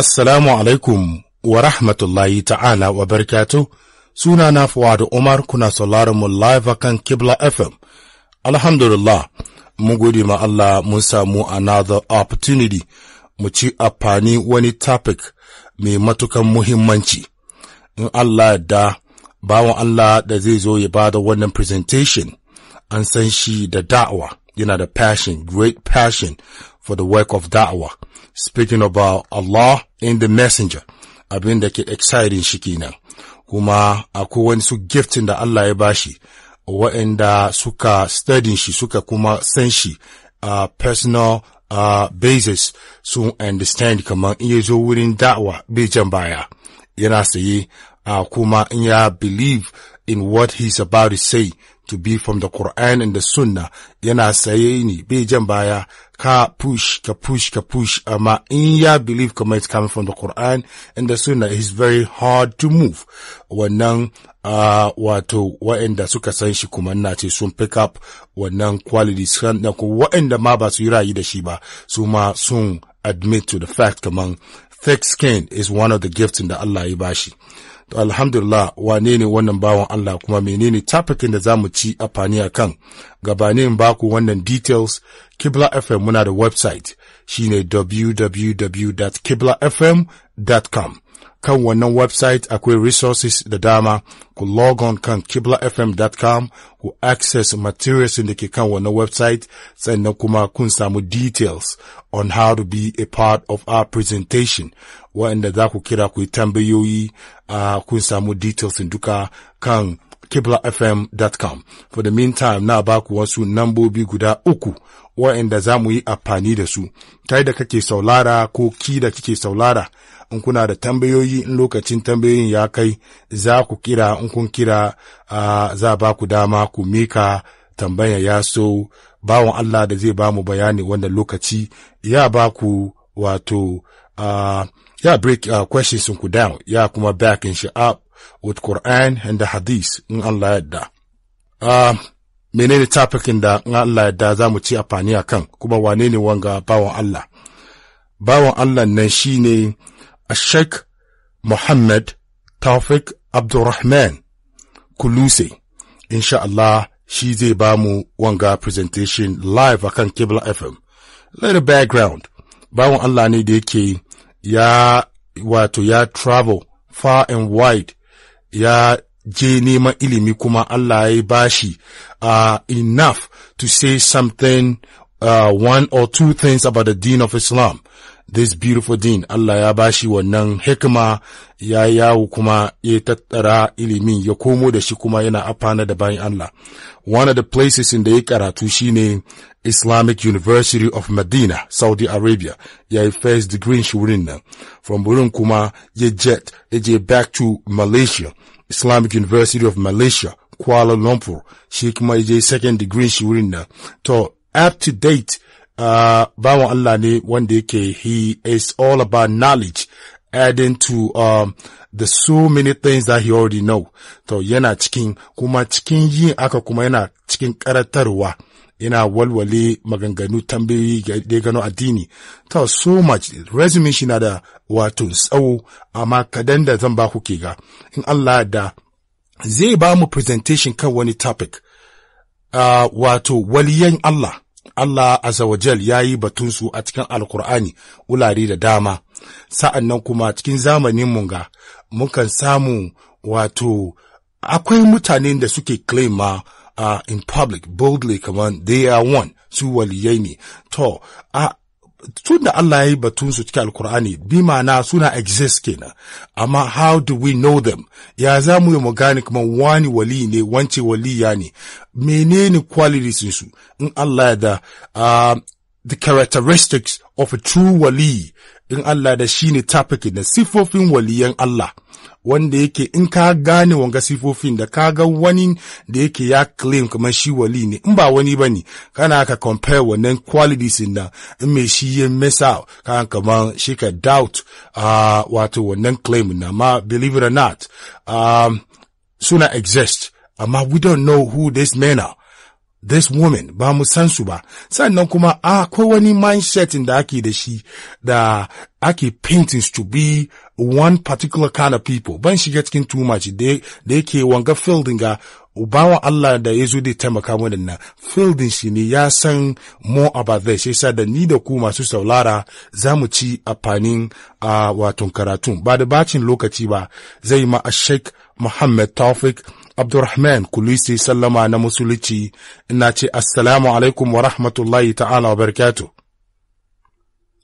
Assalamu alaikum wa rahmatullahi ta'ala wa barkatu suna na da Umar kuna sauraron mu live kan Kibla FM. Alhamdulillah, mun gode ma Allah mun samu another opportunity mu ci amfani wani topic mai matukan muhimmanci. In Allah da bawan Allah da zai zo ya bada wannan presentation an san shi da da'awa yana da passion, great passion for the work of da'wah, speaking about Allah and the messenger, abin da ke exciting shi kenan. Kuma akwai wani su giftin da Allah ya bashi, waɗanda suka studying, shi suka kuma san shi a personal uh, basis sun understand kamar in ya zo wurin da'wa bai jan baya yana uh, kuma in ya believe in what he's about to say to be from the Quran and the Sunnah yana saye ni bai jan baya ka push ka push ka push amma in ya believe kamar it's coming from the Quran and the Sunnah is very hard to move wannan uh, wato waɗanda suka san shi kuma na ce sun pick up wannan qualities sannan ko waɗanda ma ba su yi rayu da shi ba su ma sun admit to the fact kaman thick skin is one of the gifts da Allah ya bashi. alhamdulillah wane ne wannan bawan Allah kuma menene tafikin da za mu ci amfani a kan gabanin baku wannan details kibla fm muna da website shine www.kiblafm.com kan wannan website akwai resources da dama ku log on kan kiblafm.com ku access materials da ke kan wannan website sannan kuma kun samu details on how to be a part of our presentation waɗanda za ku kira ku yi tambayoyi uh, kun samu details duka kan kiblafm.com. For the meantime, na baku wasu nambobi guda uku wa'inda za mu yi amfani da su, kai da kake saulara ko ki da kike saulara, in kuna da tambayoyi in lokacin tambayoyin ya kai za ku kira in kun kira uh, za ba ku dama ku mika tambaya ya so bawan Allah da zai ba mu bayani wanda lokaci ya ba ku wato uh, ya break uh, questions ku down ya kuma back in shi up with Quran and the Hadith in Allah yadda. Uh, menene tafikin da in Allah yadda za mu ci amfani a kan kuma wane ne wanga bawan Allah? Bawan Allah nan shi ne a Sheikh Muhammad Tawfiq Abdulrahman Kuluse. sha Allah shi zai ba mu wanga presentation live akan Kibla FM. Little background, bawan Allah ne da yake ya wato ya travel far and wide ya je neman ilimi kuma Allah ya bashi uh, enough to say something uh, one or two things about the deen of Islam this beautiful din Allah ya bashi wannan hikima ya yawo kuma ya tattara ilimin ya komo da shi kuma yana afana da bayan Allah one of the places in da ya karatu shine Islamic University of Medina Saudi Arabia ya yi first degree shi wurin nan from wurin kuma ya jet ya je back to Malaysia Islamic University of Malaysia Kuala Lumpur shi kuma ya je second degree shi wurin nan to up to date Uh, bawan Allah ne wanda yake he is all about knowledge adding to um, the so many things that he already know to yana cikin kuma cikin yin aka kuma yana cikin karatarwa yana walwale maganganu tambayoyi da gano addini to so much resume shi na da wato tsawo amma kadan da zan ba ku ke ga in Allah da zai ba mu presentation kan wani topic uh, wato waliyan Allah Allah azawajal ya yi batunsu a cikin alkur'ani wulare da dama sa'an nan kuma cikin zamanin munga mukan samu wato akwai mutanen da suke claim ma uh, in public boldly kamar they are one su waliyai ne to a tun da Allah ya yi batun su cikin alkur'ani bi ma'ana suna exist kenan amma how do we know them ya za mu yi magani kuma wani wali ne wance waliya ne menene qualities su in Allah ya da um, the characteristics of a true wali in Allah da shi ne tafiki da sifofin waliyan Allah, wanda yake in ka gane wanga sifofin da ka ga wani da yake ya claim kamar shi wali ne, in ba wani ba ne, kana ka compare wannan qualities na in mai shi ya mesa kan kamar shi ka doubt ah, wato wannan claim na ma believe it or not um, suna exist, amma we don't know who this man are. this woman ba mu san su ba sannan kuma a akwai wani mindset da ake da shi da ake paintings to be one particular kind of people ban shiga cikin too much da yake wanga fielding ga ubawa Allah da ya zo da taimaka mu nan fielding shi ne ya san more about this yasa da ni da ku masu saulara za mu ci amfanin a watan karatun ba da bacin lokaci ba zai ma a Sheikh Muhammad Tawfik Abdurrahman Kulisi sallama na Musulunci ina ce Assalamu alaikum wa rahmatullahi ta'ala wa barakatu.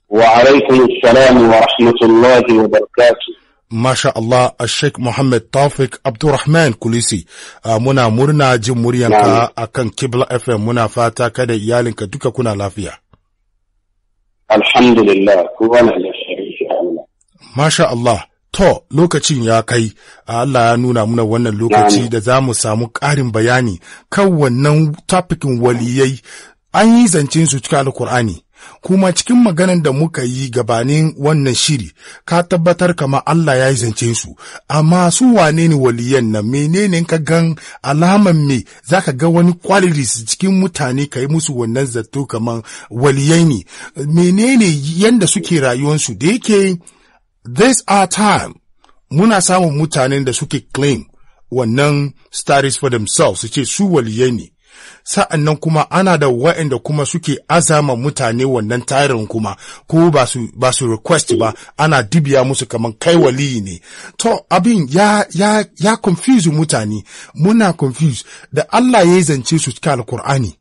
Wa alaikum salam wa rahmatullahi wa barakatu. Masha Allah, Sheikh Muhammad Tawfik Abdurrahman Kulisi, muna murna jin muryanka a kan Kibla FM muna fata kada iyalinka duka kuna lafiya. Alhamdulillah, kowa na Masha Allah, To, lokacin ya kai, Allah ya nuna muna wannan lokaci da za mu samu ƙarin bayani kan wannan tafikin waliyai an yi zancen su cikin alkur'ani kuma cikin maganan da muka yi gabanin wannan shiri ka tabbatar kama Allah ya yi zancen su amma su wane ne waliyan nan menene ka gan alaman me za ka ga wani qualities cikin mutane ka yi musu wannan zato kaman waliyai ne menene yanda suke rayuwansu da yake This our time, muna samun mutanen da suke claim wannan studies for themselves su ce su waliyai ne, sa'an nan kuma ana da wa'anda kuma suke azama mutane wannan tarin kuma ko ba su, ba request ba ana dibiya musu kamar kai waliyi ne. To abin ya, ya, ya confuse mutane, muna confuse da Allah ya zance su cikin alkur'ani.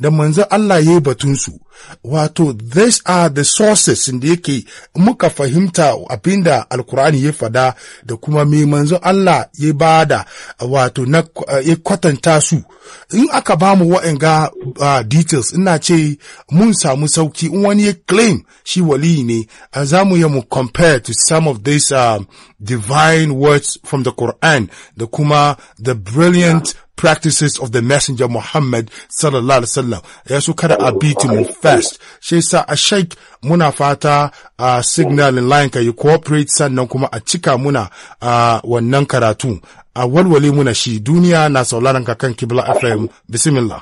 da manzan Allah ya yi batunsu, wato, these are the sources da yake muka fahimta abinda Alkur'ani ya fada da kuma me manzan Allah ya da wato na ya kwatanta su. In aka ba mu wa'anga uh, details, ina ce mun samu sauki in wani ya claim shi wali ne, za mu yi mu compare to some of these uh, divine words from the Quran da kuma the brilliant yeah. practices of the messenger Muhammad sallallahu alaihi wasallam ya so kada a beat mu fast shi yasa a sheik muna fata a signal in line ka yi cooperate sannan kuma a cika muna a wannan karatu a walwale muna shi duniya na sauraron ka kan kibla fm bismillah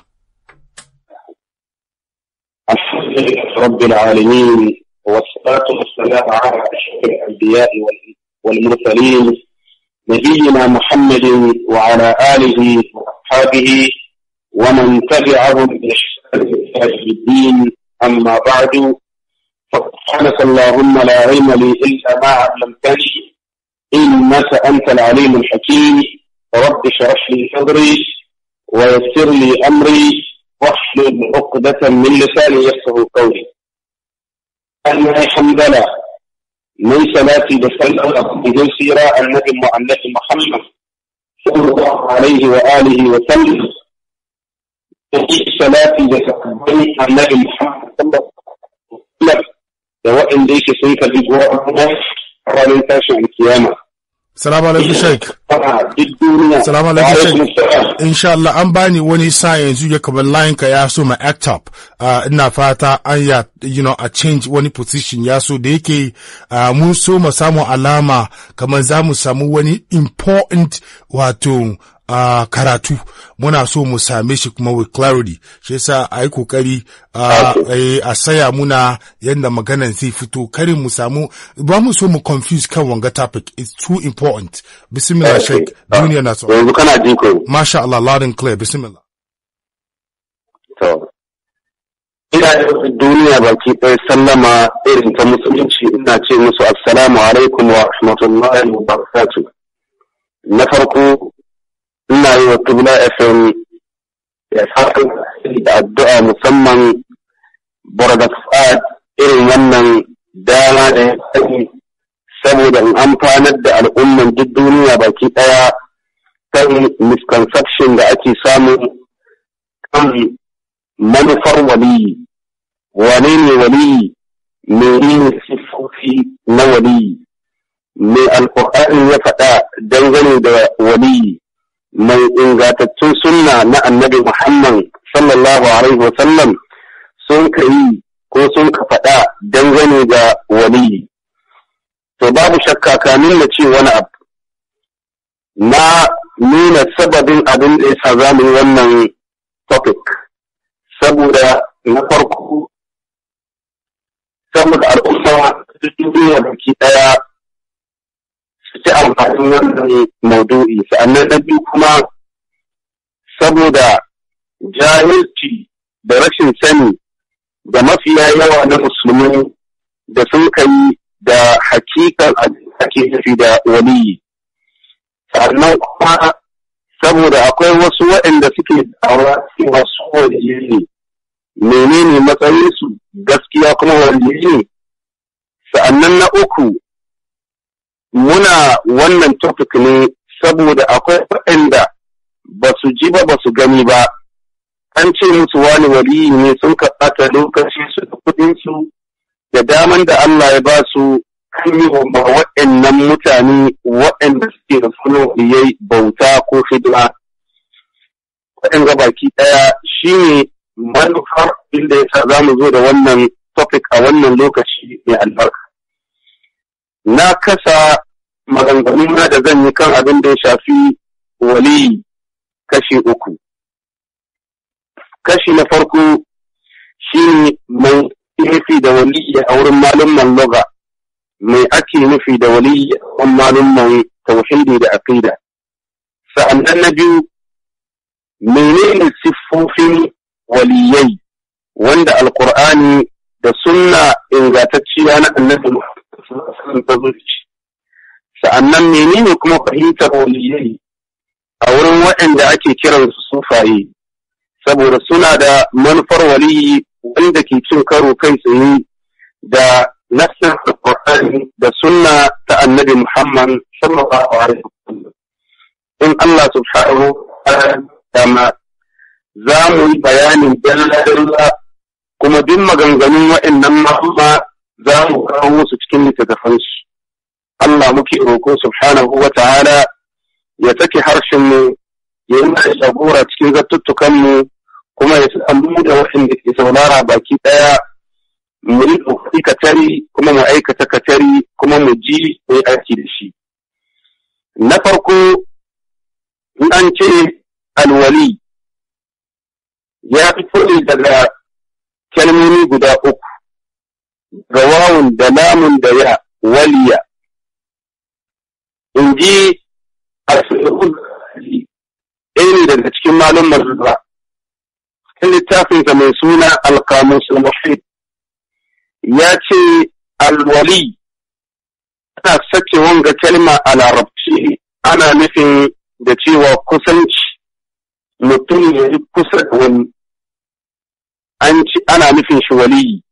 رب العالمين والصلاة والسلام على أشرف الأنبياء والمرسلين نبينا محمد وعلى آله وأصحابه ومن تبعهم بإحسان الدين أما بعد فسبحانك اللهم لا علم لي إلا ما علمتني إنك أنت العليم الحكيم رب اشرح لي صدري ويسر لي أمري واحلل عقدة من لساني يفقه قولي أن الحمد لله ليس لا في دفن به سيرة النبي المعلق محمد صلى الله عليه وآله وسلم ليس صلاة في دفن النبي محمد صلى الله عليه وسلم سواء ليس سيف بجوار الله ولا تاشع القيامه Salamu alaikum Sheikh. Salamu alaikum Sheikh. Insha Allah an bani wani sa yanzu ya kaba layin ka ya so ma act up. Ah, ina fata an ya you know a change wani position ya so da yake ah, mun so mu samu alama kamar za mu samu wani important wato uh, karatu muna so mu same shi kuma with clarity shi yasa a yi kokari a eh, saya muna yadda maganan zai fito karin mu samu ba mu so mu confuse kan wanga topic it's too important bismillah sheik duniya na so yanzu kana jin ko masha Allah loud and clear bismillah to ina duniya baki ɗaya sallama irin ta musulunci ina ce musu assalamu alaikum wa rahmatullahi wa barakatuh na farko ina yi wa Tubula fm ya fatan da addu'a musamman borda fad irin wannan dama da ya sani saboda in amfanar da al'umman duk duniya baki ɗaya kan misconception da ake samu kan manufar waliyi wane ne waliyi menene siffofi na waliyi me alkur'ani ya faɗa dangane da waliyi mai ingantattun sunna na annabi Muhammad sallallahu alaihi wasallam sun ka yi ko sun ka faɗa dangane da waliyi. To babu shakka ka nuna ce wani abu. Na nuna sababin abin da yasa za mu yi wannan topic. Saboda na farko, saboda al'umma duniya baki ɗaya su ci amfanin wannan maudu'i sa'annan na biyu kuma saboda jahilci da rashin sani da mafiya yawa na musulmi da sun kai da hakikar ake nufi da waliyi sannan kuma saboda akwai wasu waɗanda suke dawa cewa su waliyi ne menene matsayinsu gaskiya kuma waliyi ne sa'annan na uku muna wannan topic ne saboda akwai waɗanda ba su ji ba ba su gani ba an ce musu wani wari ne sun kaɓata lokaci su da kuɗinsu da daman da Allah ya ba su kan yi wa waɗannan mutane waɗanda suke da suno yayi bauta ko hidima waɗanda baki ɗaya shi ne manufar inda ya sa za mu zo da wannan topic a wannan lokaci mai albarka. na kasa na da zan yi kan abin da ya shafi waliyi kashi uku. Kashi na farko shi ne mai nufi da waliyi a wurin malumman loga, mai ake nufi da waliyi a wurin malumman tauhidi da aqida. Sa'annan na biyu, menene siffofin waliyai wanda alkur'ani da sunna ingantacciya na annabi sallallahu ta zo sa'annan menene kuma fahimtar waliyai a wurin waɗanda ake kiransu sufaye saboda suna da manufar waliyi wanda ke cin karo kai tsaye da nassar Qur'ani da sunna ta annabi Muhammad sallallahu alaihi wasallam in Allah subhanahu wa ta'ala za mu yi bayanin dalla dalla kuma duk maganganun waɗannan mahimma za mu kawo su cikin littattafansu Allah muke roƙo subhanahu wa ta'ala ya sake harshen mu ya yi mana jagora cikin zattuttukanmu mu kuma ya samu da waɗanda ke saurara baki ɗaya mu yi ɗauki katari kuma mu aikata katari kuma mu ji mu yi aiki da shi. Na farko in an ce alwali ya fito daga kalmomi guda uku. ga wawun da lamun da ya waliya in ji a ɗaya ne daga cikin malin mazura cikin littafinsa mai suna alkamun sulmafid ya ce alwali ana sace wanga kalma a larabci ana nufin da cewa kusanci mutum ya yi kusa da wani ana nufin shi waliyi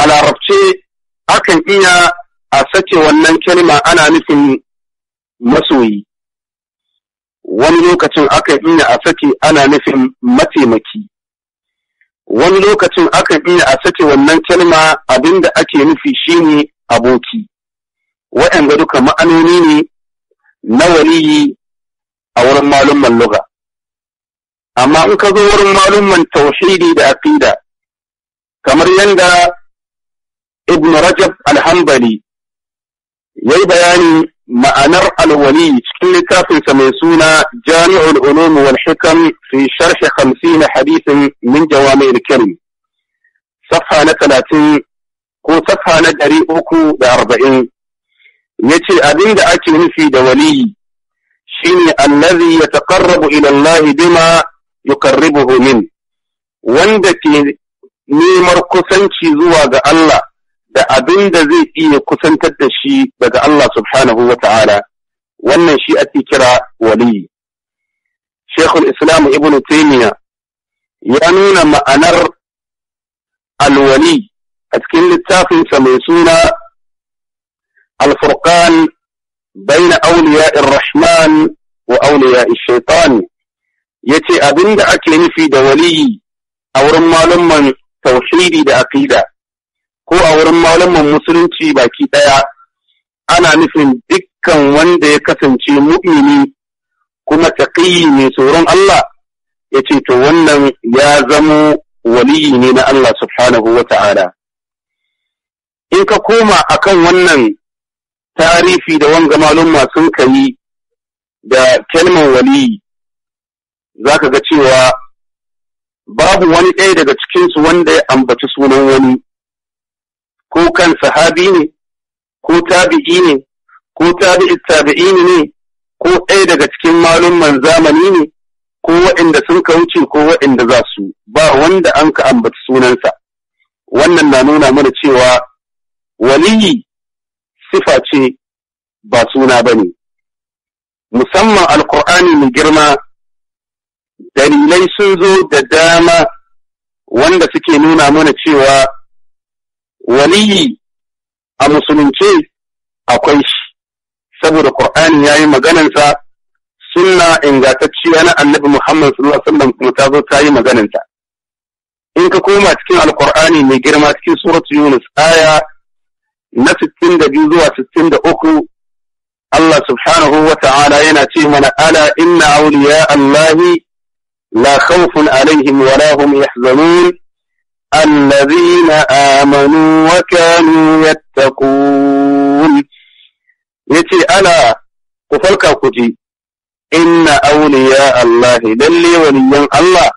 a larabce akan iya a sake wannan kalma ana nufin masoyi wani lokacin akan iya a sake ana nufin mataimaki wani lokacin akan iya a sake wannan kalma abinda ake nufi shine aboki waɗanda duka ma'anoni ne na waliyi a wurin malumman luga amma in ka zo wurin malumman tauhidi da aqida kamar yadda ibn Rajab al-Hanbali yayi bayani ma'anar al-wali cikin littafinsa mai suna Jami'ul Ulum wal Hikam fi sharh 50 hadithin min talatin, ko kalim safha na 30 ko safha na 340 yace abinda ake nufi da wali shine allazi ya ila Allah bima yuqarribuhu min wanda ke nemar kusanci zuwa ga Allah da abin da zai iya kusantar da shi daga Allah subhanahu wa ta'ala wannan shi ake kira waliyi. Shekul Islam Ibn Taymiyyah ya nuna ma'anar alwali a cikin littafinsa mai suna Al-Furqan Alfurkan rahman wa الرحمن وأولياء الشيطان yace abin da ake nufi da waliyi a wurin malumman tauhidi da aqida ko a wurin malaman musulunci baki ɗaya ana nufin dukkan wanda ya kasance mu'mini kuma taƙiyi mai tsoron Allah ya ce to wannan ya zamo waliyi ne na Allah subhanahu wa ta'ala. In ka koma a kan wannan tarifi da wanga malumma sun kayi da kelman waliyi za ka ga cewa babu wani ɗaya daga cikinsu wanda ya ambaci sunan wani ko kan sahabi ne ko tabi'i ne ko tabi'i tabi'i ne ko ɗaya daga cikin malumman zamani ne ko waɗanda sun ka wuce ko waɗanda za su ba wanda an ka ambata sunansa wannan na nuna mana cewa waliyi sifa ce ba suna ba ne musamman alkur'ani mai girma dalilai sun zo da dama wanda suke nuna mana cewa yi a musulunce akwai shi saboda ƙur'ani ya yi maganansa sunna ingantacciya na annabi Muhammad sallallahu alaihi wasallam kuma ta zo ta yi maganansa in ka koma cikin alkur'ani mai girma cikin suratu Yunus aya na 62 zuwa 63 Allah subhanahu wa ta'ala yana ce mana ala inna awliya Allahi la khawfun alaihim wa la yahzanun الذين آمنوا وكانوا يتقون يتي ألا كفلك كجي إن أولياء الله للي وليا الله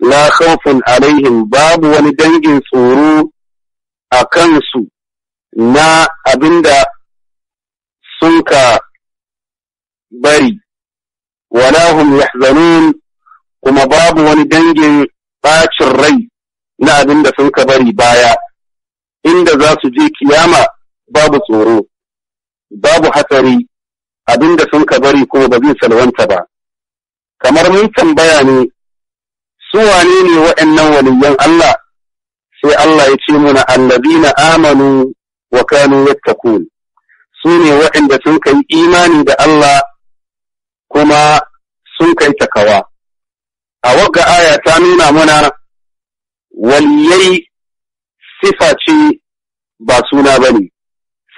لا خوف عليهم باب ولدنج tsoro a kansu na abinda sun ka bari wala hum yahzanun kuma babu wani dangin bacin rai na abin da sun ka bari baya inda za su je kiyama babu tsoro babu hatsari abin da sun ka bari kuma ba zai salwanta ba kamar mun tambaya ne su wane ne waɗannan waliyan Allah sai Allah ya ce muna allazina amanu wa kanu yattaqun su ne waɗanda sun kai imani da Allah kuma sun kai takawa a wagga aya ta nuna muna waliyai sifa ce ba suna ba ne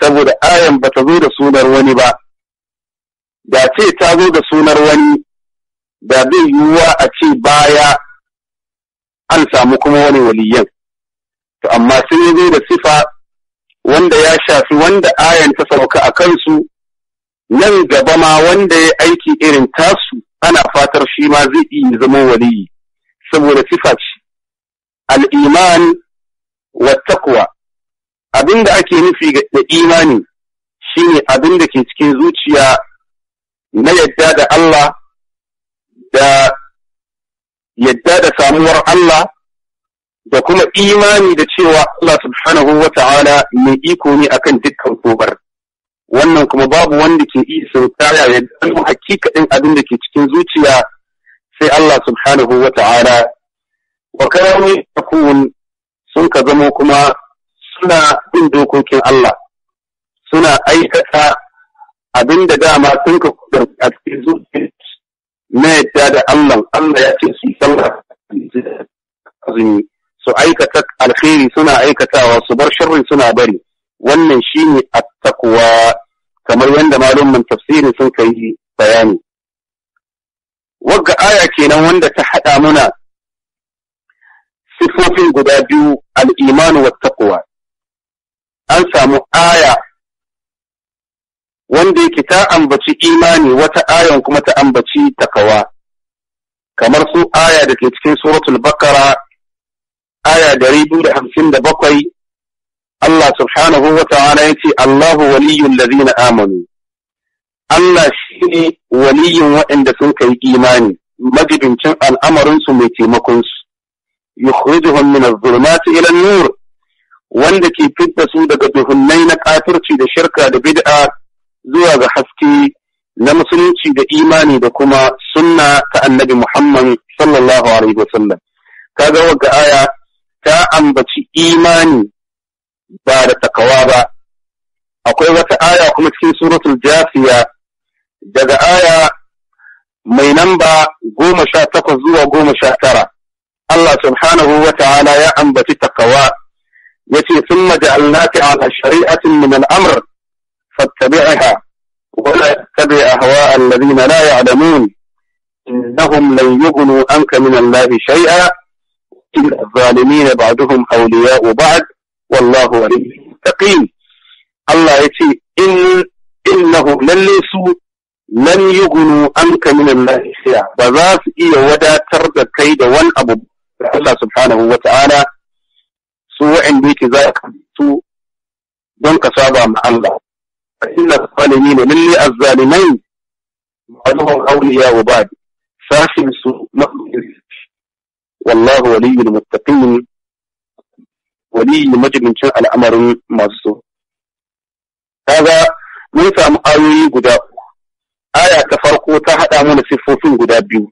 saboda ayan ba ta zo da sunar wani ba da ce ta zo da sunar wani da zai yiwuwa a ce baya an samu kuma wani waliyan to amma sun yi zo da sifa wanda ya shafi wanda ayan ta sauka a kansu nan gaba ma wanda ya aiki irin tasu ana fatar shi ma zai iya zama waliyi saboda sifa ce al'iman wattakuwa abin da ake nufi da imani shine abin da ke cikin zuciya na yadda da Allah da yadda da samuwar Allah da kuma imani da cewa Allah subhanahu wa ta'ala mai iko ne akan dukkan kobar wannan kuma babu wanda ke iya sautaya ya gano hakikaɗin abin da ke cikin zuciya sai Allah subhanahu wa ta'ala wa kun sun ka zamo kuma suna bin dokokin Allah suna aikata abin da dama sun ka a cikin na yadda da Allah Allah ya ce su sallah azumi su aikata alkhairi suna aikatawa su bar sharri suna bari wannan shine at-taqwa kamar yadda malumin tafsiri sun kai bayani wagga aya kenan wanda ta haɗa muna sifofin guda biyu al'imanu wa taqwa an samu aya wanda yake ta ambaci imani wata ayan kuma ta ambaci takawa kamar su aya da ke cikin suratul bakara aya dari biyu da hamsin da bakwai Allah subhanahu wa ta'ala ya ce Allahu waliyun lazina amanu Allah shi ne waliyun waɗanda sun kai imani majibincin al'amarinsu mai taimakonsu yukhrijuhum min adh-dhulumati nur wanda ke fidda su daga duhunnai na kafirci da shirka da bid'a zuwa ga haske na musulunci da imani da kuma sunna ta annabi Muhammad sallallahu alaihi wasallam kaga wagga aya ta ambaci imani ba da takawa ba akwai wata aya kuma cikin suratul jafiya daga aya mai namba goma sha takwas zuwa goma sha tara الله سبحانه وتعالى يا أنبت التقوى يتي ثم جعلناك على شريعة من الأمر فاتبعها ولا يتبع أهواء الذين لا يعلمون إنهم لن يغنوا عنك من الله شيئا إن الظالمين بعدهم أولياء بعد والله ولي المتقين الله يتي إن إنه لن لن يغنوا عنك من الله شيئا بذات إيه ودا ترد كيد وان أبو da Allah subhanahu wa ta'ala su wa'anda yake za ka su don ka saba ma Allah fa inna zalimin min a zalimin ba'dhum awliya wa ba'd sashin su wallahu waliyul muttaqin waliyi majalincin al'amarin masu so kaga mun samu ayoyi guda aya ta farko ta haɗa mana siffofin guda biyu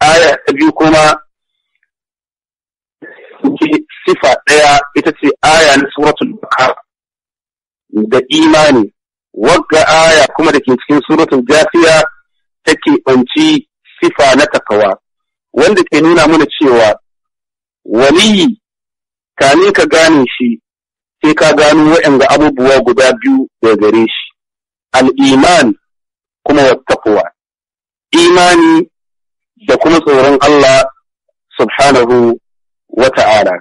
aya ta biyu kuma sifa ɗaya ita ce aya na suratul bakara da imani wagga aya kuma da ke cikin suratul jafiya take banci sifa na takawa wanda ke nuna mana cewa waliyi kani ka gane shi sai ka gano waɗanda abubuwa guda biyu da gare shi al'iman kuma wattaquwa imani da kuma tsoron Allah subhanahu wa ta'ala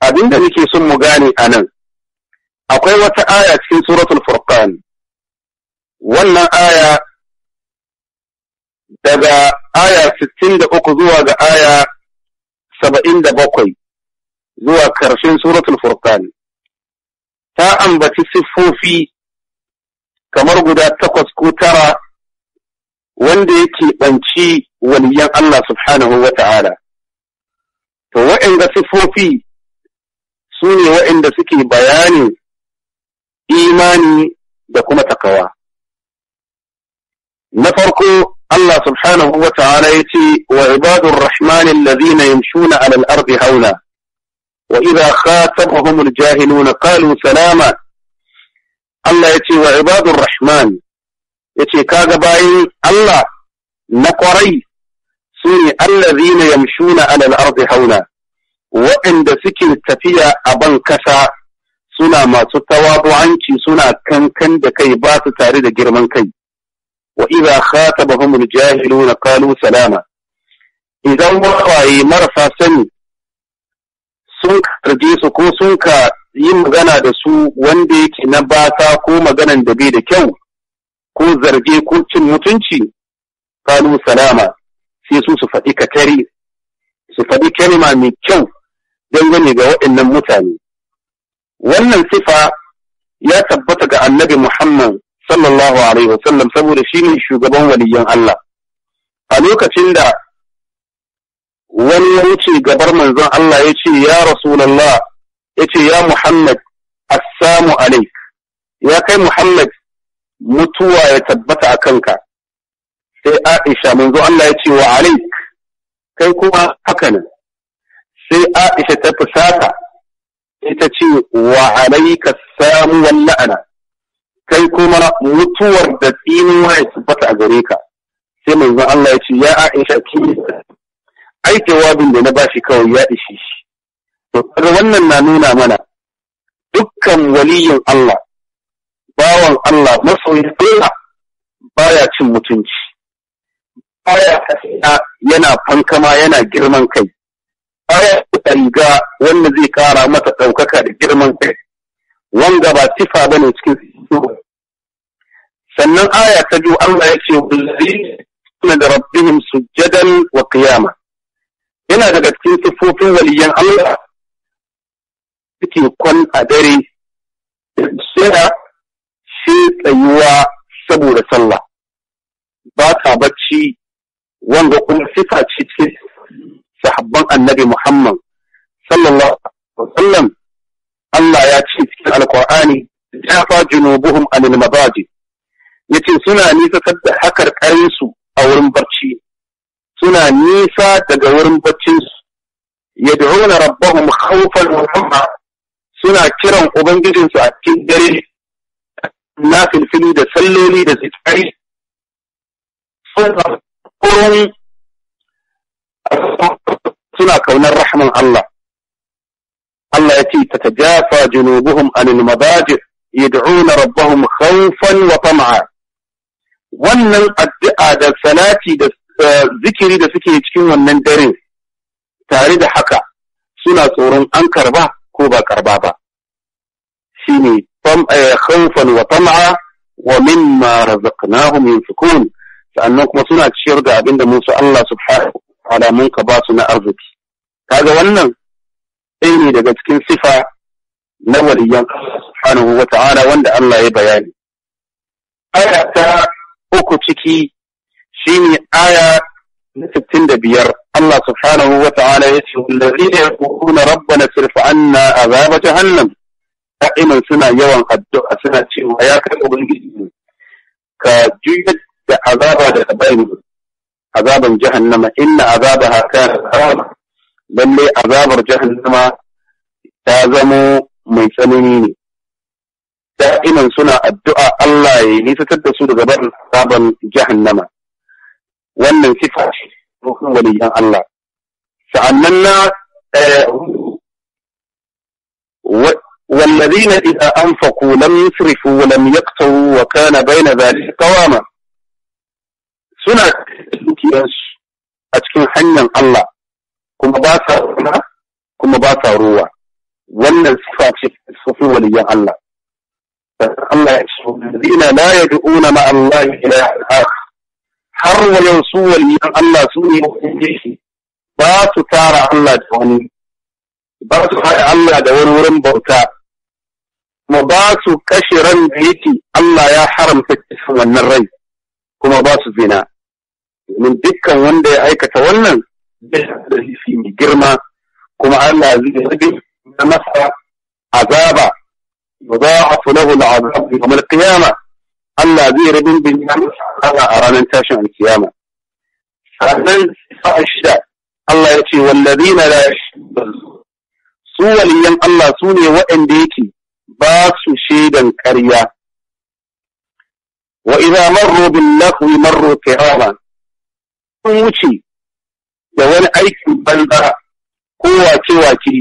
abin da nake son mu gane a nan akwai wata aya cikin suratul furqan wannan aya daga aya 63 zuwa ga aya 77 zuwa karshen suratul furqan ta ambaci siffofi kamar guda takwas ko tara wanda yake ɓanci waliyan Allah subhanahu wa ta'ala to wa'in ga siffofi su ne waɗanda suke bayani imani da kuma takawa. Na farko Allah subhanahu wa ta'ala ya ce wa ibadun rahmanin lazina yamshuna alal ardi hauna wa idha khatabahum aljahiluna qalu salama Allah ya ce wa ibadun rahman ya ce kaga bayin Allah na kwarai su ne allazina yamshuna alal ardi hauna waɗanda suke tafiya a ban kasa suna masu tawabu'anci suna kankan da kai ba su tare da girman kai wa idza khatabahum jahiluna qalu salama idan wawaye marasa sani sun karje su ko sun ka yi magana da su wanda yake na bata ko maganan da bai da kyau ko zarge ko cin mutunci kalu salama sai su su faɗi katari su faɗi kalma mai kyau dangane ga waɗannan mutane. Wannan sifa ya tabbata ga annabi Muhammad sallallahu Alaihi wasallam saboda shi ne shugaban waliyan Allah. A lokacin da wani ya wuce gabar manzon Allah ya ce, Ya Rasulallah, ya ce, Ya Muhammad, assamu alaik, ya kai Muhammad mutuwa ya tabbata a kanka. Sai Aisha manzon Allah ya ce wa alaik, kai kuma haka ne. sai Aisha ta fusata ita ce wa alaika samu la'ana kai kuma mutuwar da tsinuwa ya tabbata a gare ka sai manzo Allah ya ce ya Aisha ki ai jawabin da na bashi kawai ya ishi shi to wannan na nuna mana dukkan waliyin Allah bawan Allah masoyin Allah baya cin mutunci baya yana fankama yana girman kai baya riga wanda zai kara mata ɗaukaka da girman kai Wanga ba sifa ba ne cikin sannan aya ta biyu Allah ya ce wallahi da rabbihim sujjadan wa qiyama yana daga cikin sifofin waliyan Allah suke kwan a dare suna shi tsayuwa saboda sallah ba ta bacci wanga kuma sifa ce cikin sahabban annabi Muhammad sallallahu alaihi wasallam Allah ya ce cikin alkur'ani jafa junubuhum anil mabaji yace suna nisa da hakar karinsu a wurin barci suna nisa daga wurin barcin su yad'una rabbahum khawfan wa tama'a suna kiran ubangijinsu a cikin dare na filfili da salloli da zikari sun kurin suna kaunar rahman Allah Allah ya ce ta jafa junubuhum anil mabajir yad'una rabbahum khawfan wa tama'a wannan addu'a da salati da zikiri da suke cikin wannan dare tare da haka suna tsoron an karba ko ba karba ba shine eh, khawfan wa tama'a wa mimma razaqnahum yunfikun sannan kuma suna ciyar da abinda musu Allah subhanahu alamun ka ba su na arziki kaga wannan ɗaya ne daga cikin sifa na waliyan subhanahu wa ta'ala wanda Allah ya bayani aya ta uku ciki shine aya na sittin da biyar Allah subhanahu wa ta'ala ya ce wallazina yaquluna rabbana sirf anna azaba jahannam da'iman suna yawan addu'a suna cewa ya kai ubangiji ka juyar da azaba da bayan عذاب جهنم إن عذابها كان عذابا للي عذاب جهنم تازموا من سنين دائما سنة الدعاء الله ليس تدسود غبر عذاب جهنم وأن انسفع روحي وليا الله فأننا آه، والذين إذا أنفقوا لم يسرفوا ولم يقتروا وكان بين ذلك قواما suna dukiyarsu a cikin hanyar Allah kuma ba sa rana kuma ba sa ruwa wannan sifa ce sufin waliyan Allah Allah ya ce ladina la yad'una ma Allah ila har wa yau su waliyan Allah su ne shi ba su tara Allah da wani ba su haɗa Allah da wani wurin bauta kuma ba su kashe ran da yake Allah ya haramta cikin wannan rai kuma ba su zina domin dukkan wanda ya aikata wannan zai da shi mai girma kuma Allah zai rage na masa azaba yudha'afu lahu al'azab yawm al-qiyamah Allah zai rabin bin masa a ranar tashin alkiyama sannan sa'a shida Allah ya ce wallazina la su waliyan Allah su ne waɗanda yake ba su shaidan ƙarya wa idza marru bil lahwi marru kirama sun wuce da wani aikin banza ko wace-wace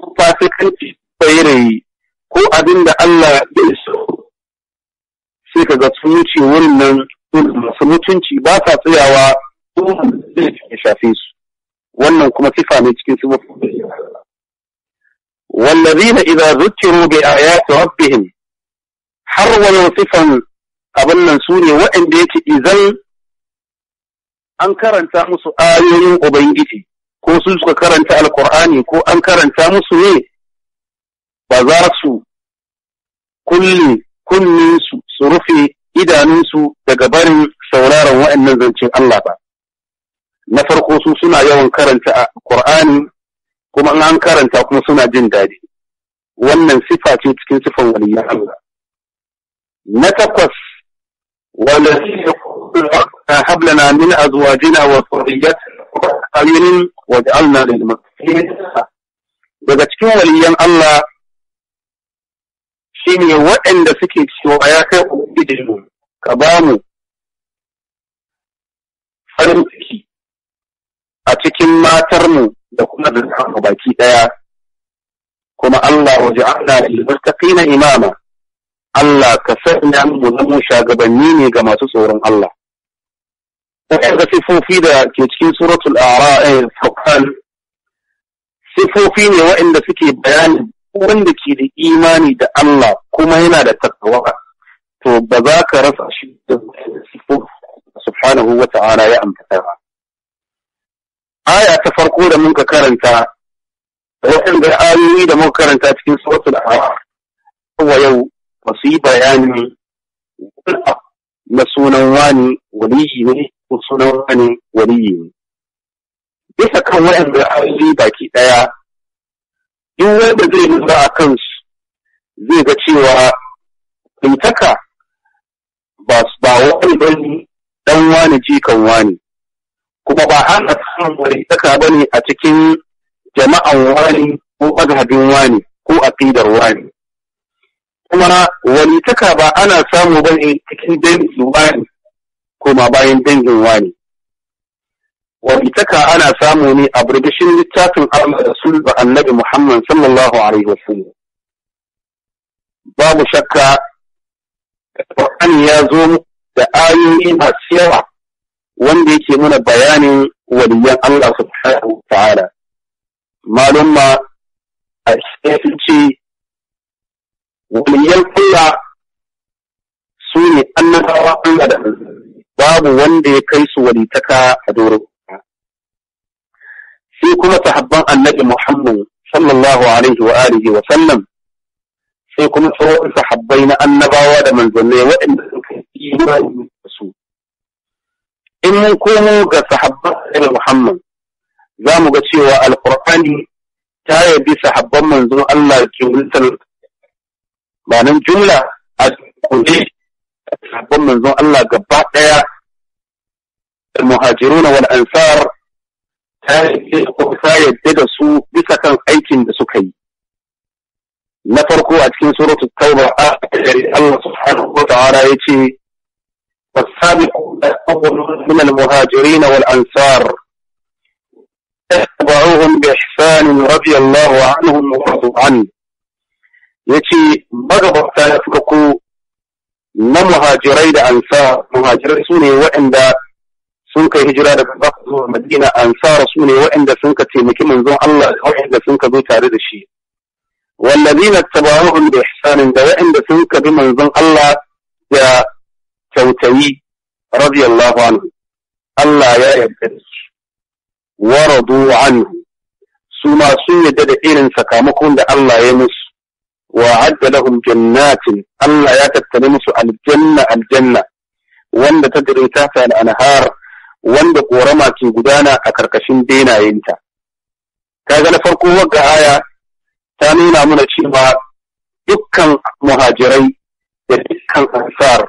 ko fasikanci yanayi, ko abin da Allah ya iso sai ka ga sun wuce wurin nan masu mutunci ba sa tsayawa ya shafe su wannan kuma sifa ne cikin sifofin والذين إذا ذكروا بآيات ربهم har صفا sifan abin nan su ne waɗanda yake izan an karanta musu ayoyin ubangiji ko sun suka karanta alkur'ani ko an karanta musu ne ba za su kulle kunninsu su rufe idanunsu daga barin sauraron wa'annan zancen Allah ba na farko su suna yawan karanta Qur'ani kuma an karanta kuma suna jin daɗi wannan sifa ce cikin sifan waliyan Allah na takwas والذين حبلنا من أزواجنا وذريتنا قليل واجعلنا للمتقين daga cikin waliyan Allah shi ne waɗanda suke cewa ya kai ubangijinmu ka ba mu farin ciki a cikin matarmu da kuma zurfafa baki ɗaya kuma Allah waje Allah lil imama Allah ka sanya mu zama shagabanni ne ga masu tsoron Allah. Waɗanda sifofi da ke cikin suratul a'ra'a eh, furqan sifofi ne waɗanda suke bayanin wanda ke da imani da Allah kuma yana da takawa to ba za ka rasa shi da sifofi subhanahu wa ta'ala ya ambata ba. Aya ta farko da muka karanta da waɗanda ayoyi da muka karanta cikin suratul a'ra'a yau ba su yi bayanin na sunan wani waliyi ne ko sunan wani waliyi ne. Bisa kan waɗanda ayoyi baki ɗaya, duk wanda zai nuna a kansu zai ga cewa ɗintaka ba wani bane ɗan wani jikan wani, kuma ba ana samun ɗintaka ba ne a cikin jama'an wani ko mazhabin wani ko aƙidar wani. kuma walitaka ba ana samu ba ne cikin dangin wani kuma bayan dangin wani walitaka ana samu ne a burgishin littafin Allah da sulba annabi Muhammad sallallahu alaihi wasallam babu shakka Qur'ani ya zo da ayoyi masu yawa wanda yake mana bayanin waliyan Allah subhanahu wa ta'ala malumma a cikin waliyan Allah su ne annabawa Allah da babu wanda ya kai su walitaka a doro sai kuma sahabban annabi Muhammad sallallahu alaihi wa alihi wa sallam sai kuma tsohon sahabbai na annabawa da manzannai waɗanda suka yi imani da su in mun komo ga sahabban annabi Muhammad za mu ga cewa alqur'ani ta yabi sahabban manzon Allah ke wutar ba nan jumla a kuɗe sabon manzon Allah gaba ɗaya المهاجرون ansar ta yadda da su bisa kan aikin da suka yi na farko a cikin suratu tauba a gari Allah subhanahu wa ta'ala yace wasabiqu al-awwalun min al-muhajirin wal ansar tabi'uhum bi ihsan radiyallahu anhum wa radu ya ce magabata na farko na muhajirai da ansa muhajirai su ne waɗanda sun kai hijira daga Makka zuwa Madina ansara su ne waɗanda sun ka taimaki manzon Allah waɗanda sun ka zo tare da shi wallazina tabawuhum bi ihsanin da waɗanda sun ka bi manzon Allah da kyautayi radiyallahu anhu Allah ya yarda da su waradu anhu su ma sun yarda da irin sakamakon da Allah ya musu وعد Allah ya الله musu Aljanna, Aljanna, wanda ta gare ta sani anhar wanda korama ke gudana a karkashin benayenta. ga na farko wagga aya ta nuna mana cewa dukkan muhajirai da dukkan ansar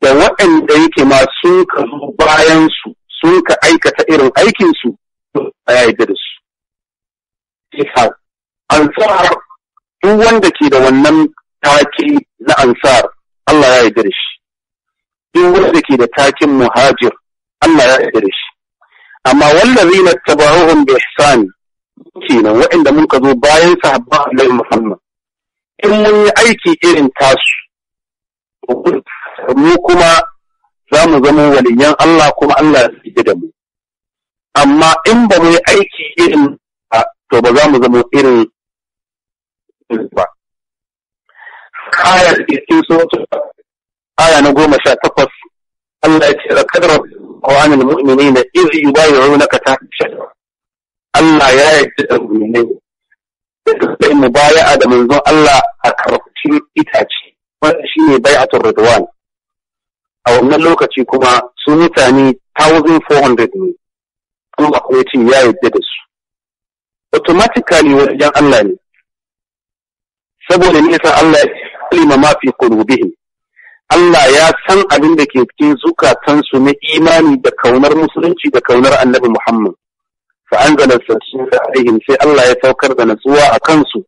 da waɗanda yake ma sun ka zo bayan su sun ka aikata irin aikinsu su a yadda da su. Ansar duk wanda ke da wannan taki na ansar Allah ya yarda da shi duk wanda ke da takin muhajir Allah ya yarda da shi amma wallazina tabauhum bi ihsan kenan waɗanda mun ka zo bayan sahabban Annabi Muhammad in mun yi aiki irin tasu mu kuma za mu zama waliyan Allah kuma Allah ya da mu amma in ba mu yi aiki irin to ba za mu zama irin ba aya da ke cikin suratul aya na goma sha takwas Allah ya ce a kadar Qur'an al-mu'minin da iz yubayyi'unaka na shajara Allah ya yarda da mu'minai sai baya da manzon Allah a karkashin itace wannan shi ne ridwan a A wannan lokaci kuma su mutane 1400 ne Allah kuma ya ce ya yarda da su automatically wajen Allah ne saboda nisan Allah ilima ma fi qulubihim Allah ya san abin da ke cikin zukatansu na imani da kaunar musulunci da kaunar annabi Muhammad fa anzala sassura sai Allah ya saukar da natsuwa a kansu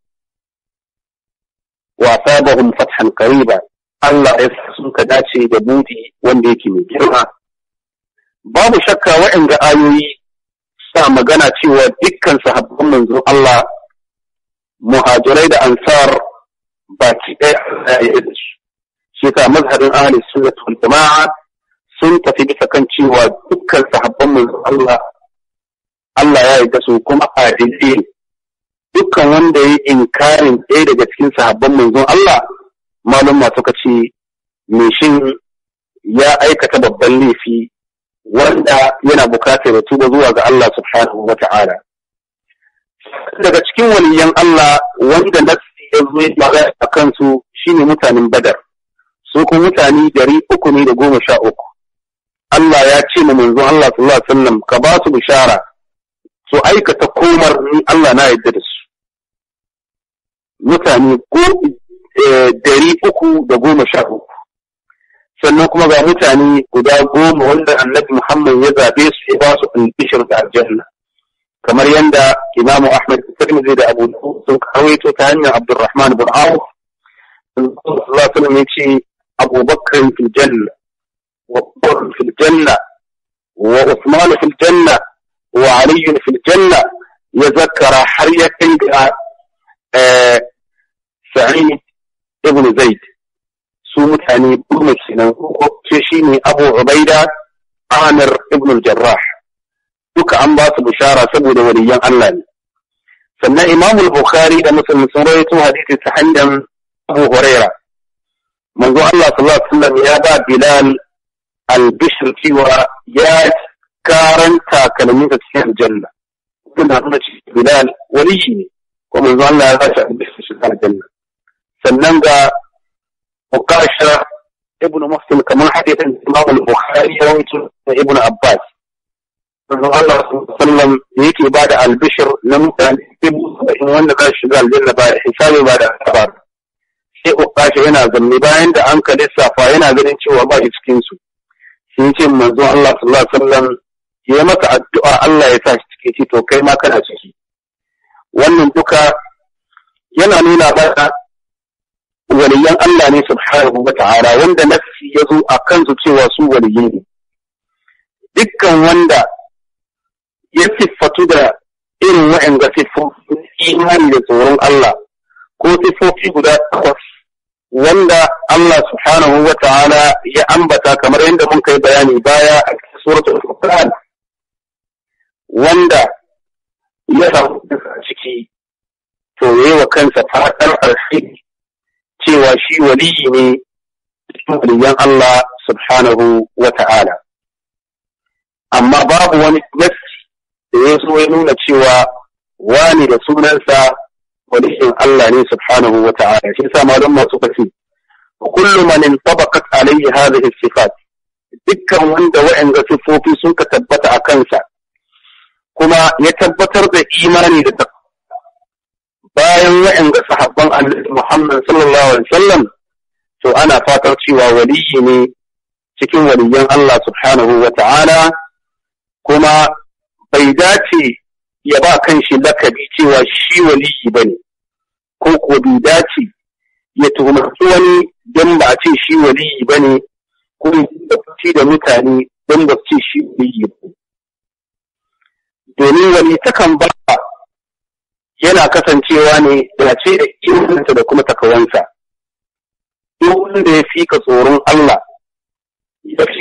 wa asabahum fathan qariba Allah ya sun ka dace da budi wanda yake mai girma babu shakka waɗanda ayoyi sa magana cewa dukkan sahabban manzon Allah muhajirai da ansar baki ɗaya a yi da shi. Shi ka mazharin ahalin sunna wal jama'a sun tafi bisa kan cewa dukkan sahabban mu Allah Allah ya yarda su kuma ne. dukkan wanda ya inkarin ɗaya daga cikin sahabban manzon Allah malum ma suka ce me shin ya aikata babban laifi wanda yana bukatar ya tuba zuwa ga Allah subhanahu wa ta'ala daga cikin waliyan Allah wanda na ya zo magana a kansu shi ne mutanen badar su kuma mutane dari uku ne da goma sha uku Allah ya ce ma manzon Allah sallallahu alaihi wasallam ka ba su bishara su aikata komar ni Allah na yarda da su mutane ko dari eh, uku da goma sha uku sannan kuma ga mutane guda goma wanda annabi Muhammad ya zabe su ya ba su albishir da aljanna kamar yadda imamu ahmad tirmidhi da abu sun kawaito ta hanyar abdurrahman bin auf Allah sallam ya ce abubakar fil janna wa umar fil janna wa usman fil janna wa ali fil janna ya zakara har ya kai ga sa'id ibn zaid su mutane goma kenan ko ce shine abu ubaida amir ibn al-jarrah duka an ba su bishara saboda waliyan Allah ne sannan Imam Bukhari da Muslim sun rawaito hadisi ta hanyar Abu Huraira manzo Allah sallallahu alaihi wasallam ya ba Bilal al-bishr cewa ya karanta kalminsa cikin aljanna suna nuna cikin Bilal wani ne ko manzo Allah ya bashi al cikin aljanna sannan ga Ukasha ibn Muslim kamar hadisin Imam Bukhari ya rawaito Ibn Abbas manzon Allah sallam da yake ba da albishir na mutane dubu wanda za su shiga aljanna ba hisabi ba da asabar sai ukashi yana zanne bayan da an ka lissafa yana ganin cewa ba shi cikin su sai ce Allah sallallahu alaihi wasallam ya maka addu'a Allah ya sa shi ciki ci to kai ma kana ciki wannan duka yana nuna ba waliyan Allah ne subhanahu wa wanda nafsi ya zo a kansu cewa su waliyi ne dukkan wanda ya siffatu da irin wa'anga siffofin imani da tsoron Allah ko siffofi guda takwas wanda Allah subhanahu wa ta'ala ya ambata kamar yadda mun kai bayani baya a cikin suratul Furqan wanda ya samu ciki to wa kansa fadar alheri cewa shi waliyi ne waliyan Allah subhanahu wa ta'ala amma babu wani nas da ya so ya nuna cewa wani da sunansa waliyin Allah ne subhanahu wa ta'ala shi yasa malum masu kace kullu man intabaqat alayhi hadhihi sifat dukkan wanda wa'anda sifofi sun ka tabbata a kansa kuma ya tabbatar da imani da bayan wa'anda sahabban annabi Muhammad sallallahu alaihi wasallam to ana fatar cewa waliyi ne cikin waliyan Allah subhanahu wa ta'ala kuma bai dace ya ba kanshi lakabi cewa shi waliyi ba ne ko ko bai dace ya tuhumarci wani don ba a ce shi waliyi ba ne ko ya da mutane don ba ce shi waliyi ba domin wani takan ba yana kasancewa ne dace da imaninsa da kuma takawansa duk wanda ya fika tsoron Allah ya fi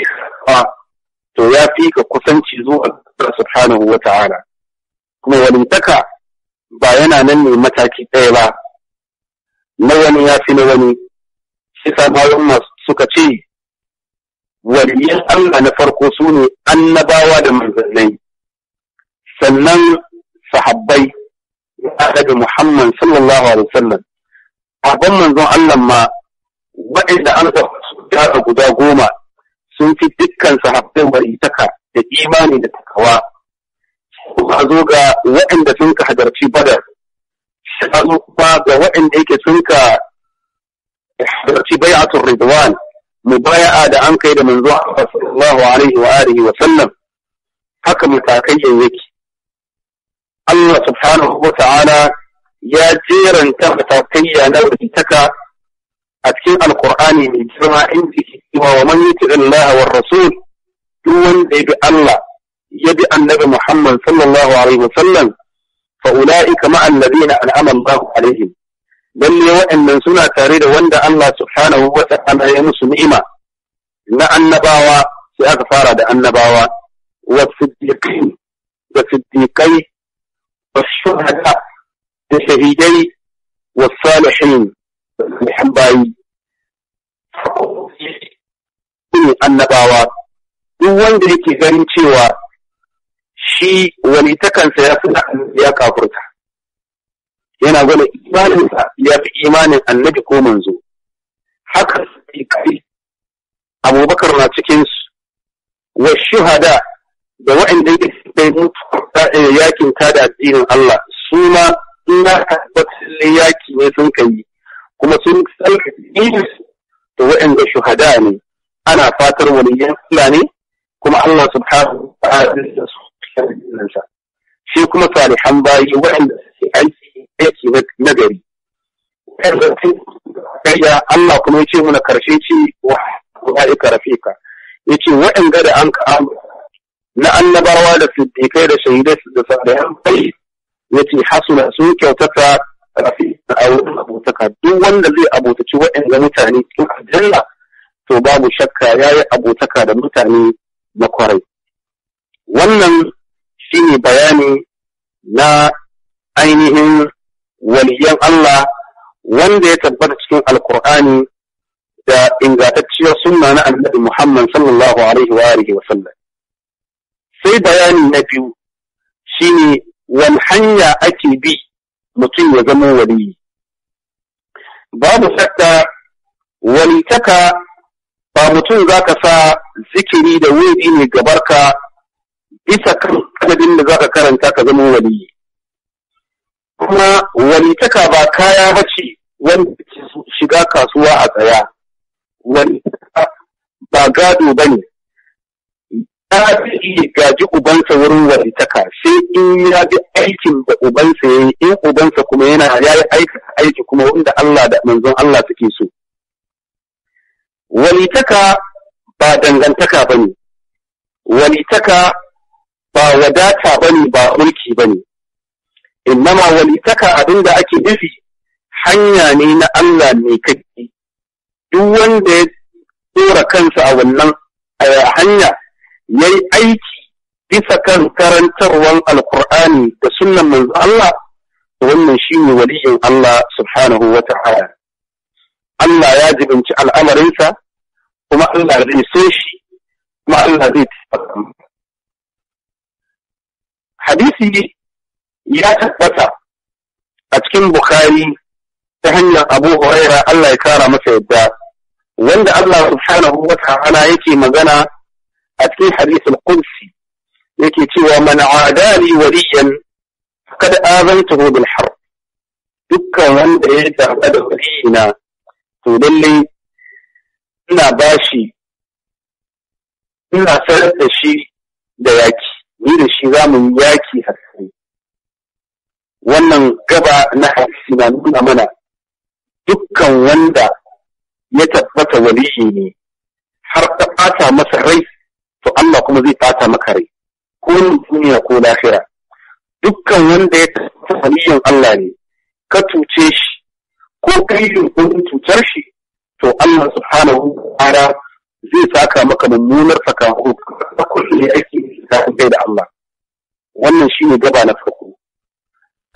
to ya fika kusanci zuwa subhanahu wa ta'ala kuma ba yana nan ne mataki ɗaya ba na wani ya fi na wani shi sabarin masu suka ce waliyan Allah na farko su ne annabawa da manzannai sannan sahabbai da Muhammad sallallahu alaihi wasallam abin manzon Allah ma waɗanda an su guda goma sun fi dukkan sahabbai walitaka da imani da takawa a zo ga waɗanda sun ka hadarci badar a kuma ga waɗanda yake sun ka hadarci bai'atul ridwan mubaya'a da an kai da manzo sallallahu alaihi wa alihi wa sallam haka matakai yake Allah subhanahu wa ta'ala ya jeranta matakaiya na wajitaka a cikin alkur'ani mai girma in ciki wa man yuti Allah wa rasul دوني بي الله يبي النبي محمد صلى الله عليه وسلم فأولئك مع الذين أنعم الله عليهم بل لو من سنة تريد وند الله سبحانه وتعالى أن يمس نعمة إن النباوة سأغفر دا النباوة والصديقين والصديقين والشهداء والشهيدين والصالحين والحبائي أن النباوات duk wanda yake ganin cewa shi wani takansa ya fi ya kafurta yana gwada imaninsa ya fi imanin annabi ko manzo haka sai kai abubakar na cikinsu wa shuhada da waɗanda ya mutu eh, yakin da addinin Allah suna na tabbatar yaki ne sun kai kuma sun tsalka da waɗanda shuhada ne ana fatar wani yan ne kuma Allah subhanahu wa ta'ala su sa shi kuma salihan bayi waɗanda suke aiki aiki na gari ya Allah kuma yace muna karshe ce wa ulaika rafiqa yace waɗanda da an ka na annabawa da siddiqai da shahidai da salihan bayi yace hasuna su kyautata rafi a wurin abotaka duk wanda zai abotaci waɗanda mutane cikin aljanna to babu shakka ya yi abotaka da mutane na kwarai. Wannan shi ne bayani na ainihin waliyan Allah wanda ya tabbata cikin Alkur'ani da ingantacciyar sunna na annabi Muhammad sallallahu alaihi wa Sai bayani na biyu shi ne wani hanya ake bi mutum ya zama waliyi. Babu shakka walitaka ba mutum za ka sa zikiri da wuri ne gabarka bisa kadin da ka karanta ka zama wali kuma walitaka ba kaya ba ce wanda shiga kasuwa a tsaya ba gado ba ne ya iya gaji ubansa wurin walitaka sai in ya bi aikin da ubansa ya yi in ubansa kuma yana ya yi aiki kuma wanda Allah da manzon Allah suke so walitaka ba dangantaka ba ne walitaka ba wadata ba ne ba mulki ba ne innama walitaka abin da ake nufi hanya ne na Allah mai kai duk wanda ya tsora kansa a wannan hanya ya yi aiki bisa kan karantarwan alkur'ani da sunan manzo Allah wannan shi ne waliyin Allah subhanahu wa ta'ala Allah ya jibinci al'amarinsa kuma Allah zai so shi kuma Allah zai taimaka hadisi ya tabbata a cikin Bukhari ta hanyar Abu Huraira Allah ya kara masa yadda wanda Allah subhanahu wa ta'ala yake magana a cikin hadisul qudsi yake cewa man adali waliyan faqad azantuhu bil harb dukkan wanda ya tarba da waliyina to lallai. ina shi ina sanar da shi da yaki ni da shi za mu yi yaki hasari wannan gaba na hadisi na nuna mana dukkan wanda ya tabbata waliyi ne har ka ɓata masa rai to Allah kuma zai ɓata maka rai ko duniya ko lahira dukkan wanda ya tabbata waliyin Allah ne ka tuce shi ko kai yunkurin tutar shi to Allah subhanahu wa ta'ala zai saka maka mummunar sakamako da kullum aiki da kai da Allah wannan shine gaba na farko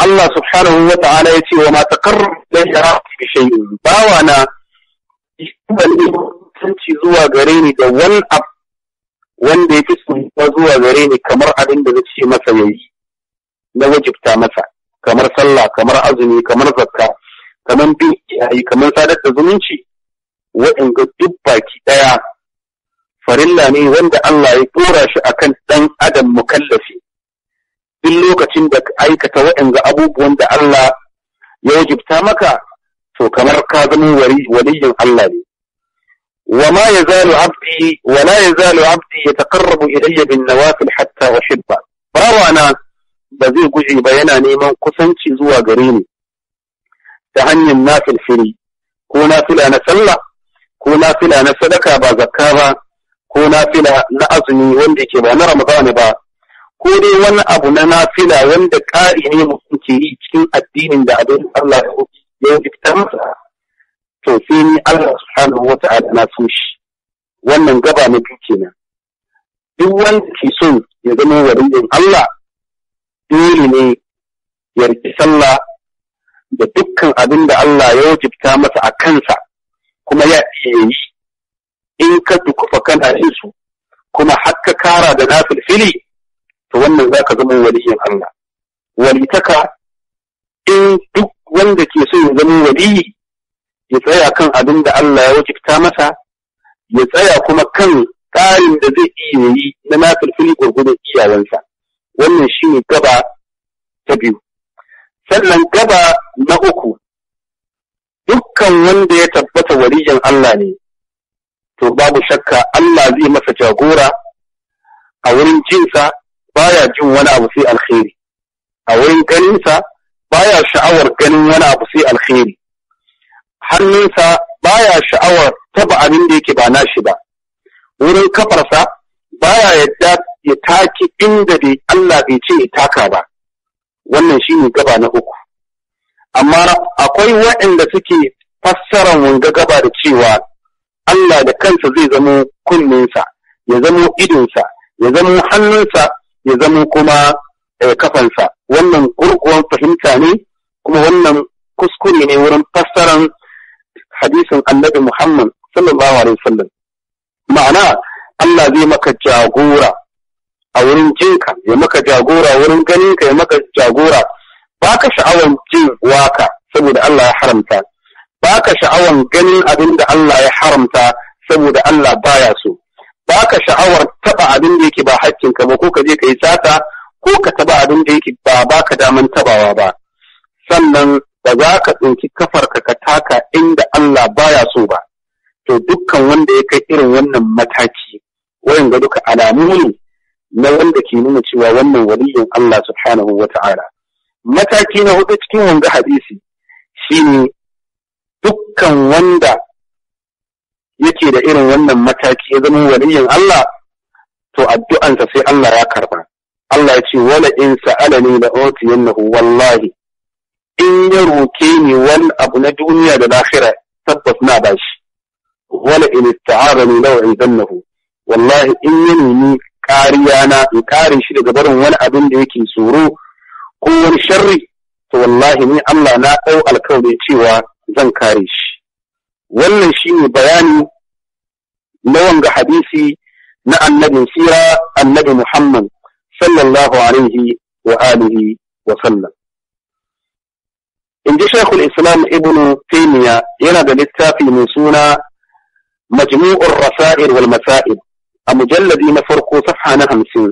Allah subhanahu wa ta'ala ya ce wa ma taqarrab ilayya bi shay'in bawa na kusanci zuwa gare ni da one abu wanda ya fi sunwa zuwa gare ni kamar abin da zai ce masa yayi na wajibta masa kamar sallah kamar azumi kamar zakka kamar bin yayi kamar sadar da zumunci waɗanda duk baki ɗaya farilla ne wanda Allah ya ɗora shi akan ɗan adam mukallafi duk lokacin da aikata waɗanda abubuwan da Allah ya wajibta maka to kamar ka zama waliyin Allah ne وما يزال عبدي ولا يزال عبدي يتقرب إلي بالنوافل حتى zai باوانا بزي yana neman نيمان zuwa زوا ni. ta hanyar nafilfili ko fila na sallah ko nafila na sadaka ba zakka ba ko nafila na azumi wanda ke ba na ramadani ba ko dai wani abu na nafila wanda ƙari ne mutum ke yi cikin addinin da abin Allah ya fitar masa to sai ni Allah subhanahu wa na so shi wannan gaba na biyu kenan duk wanda ke so ya zama wariyin Allah dole ne ya riƙi sallah da dukkan abin da Allah ya wajibta masa a kansa kuma ya iya yi in ka dukufa kana yin su kuma har ka kara da nafil fili to wannan za ka zama waliyin Allah walitaka in duk wanda ke so ya zama waliyi ya tsaya kan abin da Allah ya wajibta masa ya tsaya kuma kan tsarin da zai iya yi na nafil fili gurgudun iyawansa wannan shi ne gaba ta biyu sannan gaba na uku dukkan wanda ya tabbata waliyin Allah ne to babu shakka Allah zai masa jagora a wurin jinsa baya jin wani abu sai alkhairi a wurin ganinsa baya sha'awar ganin wani abu sai alkhairi hannunsa baya sha'awar taba abin da yake ba nashi ba wurin kafarsa baya yadda ya taki inda dai Allah bai ce ya taka ba wannan shine gaba na uku amma akwai waɗanda suke fassara wanga gaba da cewa Allah da kansa zai zama kunninsa ya zama idonsa ya zama hannunsa ya zama kuma eh, kafansa wannan gurguwan fahimta ne kuma wannan kuskure ne wurin fassaran hadisin annabi Muhammad sallallahu alaihi wasallam ma'ana Allah zai maka jagora a wurin jinka ya maka jagora wurin ganinka ya maka jagora ba ka sha'awar jin waka saboda Allah ya haramta ba ka sha'awar ganin abin da Allah ya haramta saboda Allah baya so ba ka sha'awar taba abin da yake ba haƙƙin ka ba ko ka je ka yi sata ko ka taba abin da yake ba ba ka daman tabawa ba sannan ba za ka tsinki kafarka ka taka inda Allah baya so ba to dukkan wanda ya kai irin wannan mataki wayan ga duka alamu ne na wanda ke nuna cewa wannan waliyin Allah subhanahu wa ta'ala mataki na hudu cikin wanga hadisi shine dukkan wanda yake da irin wannan mataki ya zama waliyin Allah to addu'ansa sai Allah ya karba Allah ya ce wala in sa'alani la utiyannahu wallahi in ya roke ni wani abu na duniya da lahira tabbas na bashi wala in ista'arani la u'idannahu wallahi in ya nemi kariya na in kare shi daga barin wani abin da yake tsoro ko wani sharri to wallahi ni Allah na ɗau alkawari cewa zan kare shi wannan shine bayani na wanga hadisi na annabin sira annabi Muhammad sallallahu alaihi wa alihi wa sallam in ji shekul islam ibn taimiya yana da littafi mai suna majmu'ur rasa'ir wal masa'il a mujalladi na farko safha na hamsin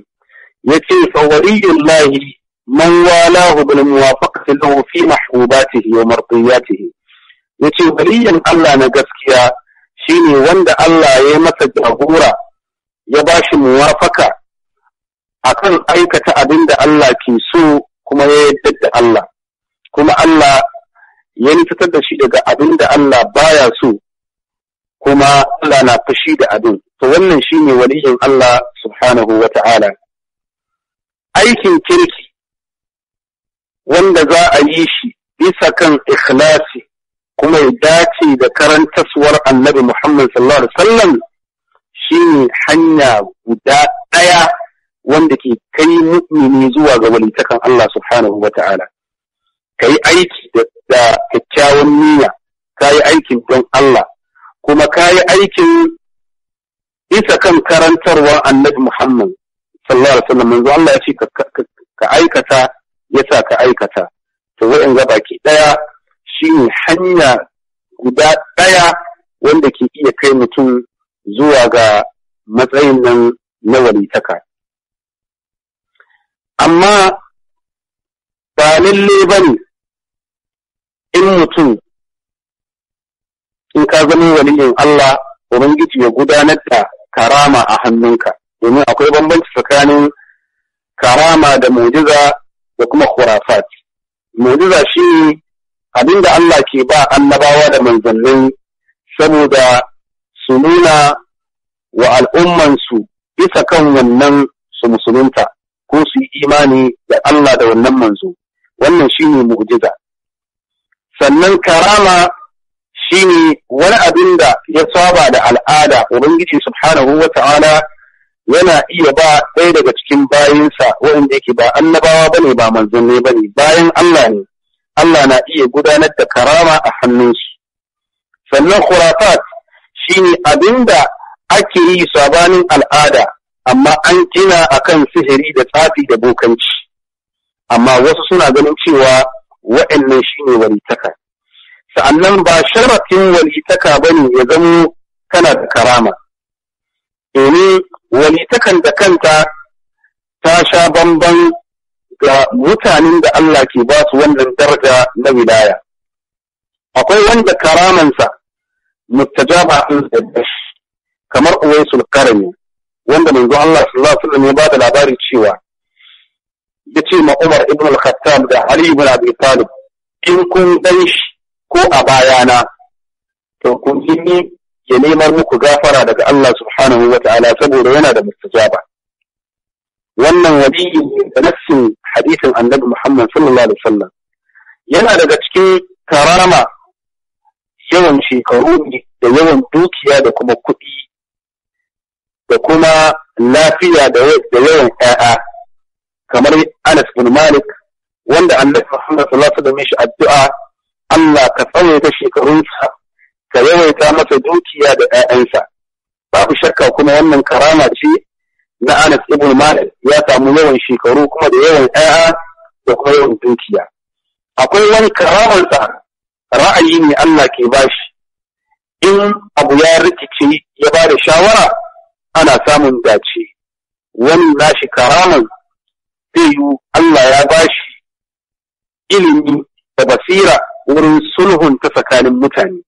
ya ce fawariyun lahi man walahu bil muwafaqati lahu fi mahbubatihi wa mardiyatihi yace waliyan Allah na gaskiya shine wanda Allah ya masa jagora ya bashi muwafaka akan aikata abin da Allah ke so kuma ya yadda da Allah kuma Allah ya nufitar da shi daga abin da Allah baya so kuma Allah na fushi da abin to wannan shine waliyin Allah subhanahu wa ta'ala aikin kirki wanda za a yi shi bisa kan ikhlasi kuma ya dace da karantaswar annabi Muhammad sallallahu alaihi wasallam shine hanya guda ɗaya wanda ke kai mu'mini zuwa ga walitakan Allah subhanahu wa ta'ala ka yi aiki da kyakkyawan niyya ka yi aikin don Allah kuma ka yi aikin isa kan karantarwar annabi Muhammad sallallahu alaihi wasallam manzo Allah ya ce ka aikata ya sa ka aikata to wa'in ga baki ɗaya shi hanya guda ɗaya wanda ke iya kai mutum zuwa ga matsayin nan na walitaka amma ba lalle ba ne in mutum in ka zama waliyin Allah Ubangiji ya gudanar da karama a hannunka domin akwai bambanci tsakanin karama da mujiza da kuma khurafat mu'jiza shine abinda Allah ke ba annabawa da manzannin saboda su nuna wa al'ummansu bisa kan wannan su musulunta ko su yi imani da Allah da wannan manzo wannan shine mu'jiza sannan karama shine wani abin da ya saba da al'ada ubangiji subhanahu wa ta'ala yana iya ba ɗaya daga cikin bayinsa waɗanda yake ba annabawa ba ne ba manzanni ba ne bayan Allah ne Allah na iya gudanar da karama a hannunsu sannan khurafat shine abinda ake yi sabanin al'ada amma an gina a kan sihiri da tsafi da bokanci amma wasu suna ganin cewa waɗannan shine walitaka sa'annan ba sharafin walitaka bane ya zamo kana da karama domin walitakan da kanta ta sha bamban ga mutanen da Allah ke ba su wannan daraja na wilaya. Akwai wanda karamansa mustajaba an shi kamar Uwaisul Karami wanda manzo Allah sallallahu alaihi ya ba da labari cewa yace ma Umar ibn al-Khattab da Ali ibn Abi Talib in kun ɗan shi ko a bayana to kun yi ke neman muku gafara daga Allah subhanahu wa ta'ala saboda yana da mustajaba wannan ne da nassin hadisin annabi Muhammad sallallahu alaihi wasallam yana daga cikin karama yawan shekaru ne da yawan dukiya da kuma kuɗi da kuma lafiya da yawan ƴaƴa kamar Anas bin Malik wanda annabi Muhammad sallallahu alaihi wasallam shi addu'a Allah ka tsawaita shekarunsa ka yawaita masa dukiya da 'ya'yansa babu shakka kuma wannan karama ce na Anas ibn Malik ya samu yawan shekaru kuma da yawan 'ya'ya da kuma yawan dukiya akwai wani karamansa ra'ayi ne Allah ke bashi in abu ya rikice ya ba da shawara ana samun dace wani nashi karaman zai yi Allah ya bashi ilimi da basira wurin sulhun ta tsakanin mutane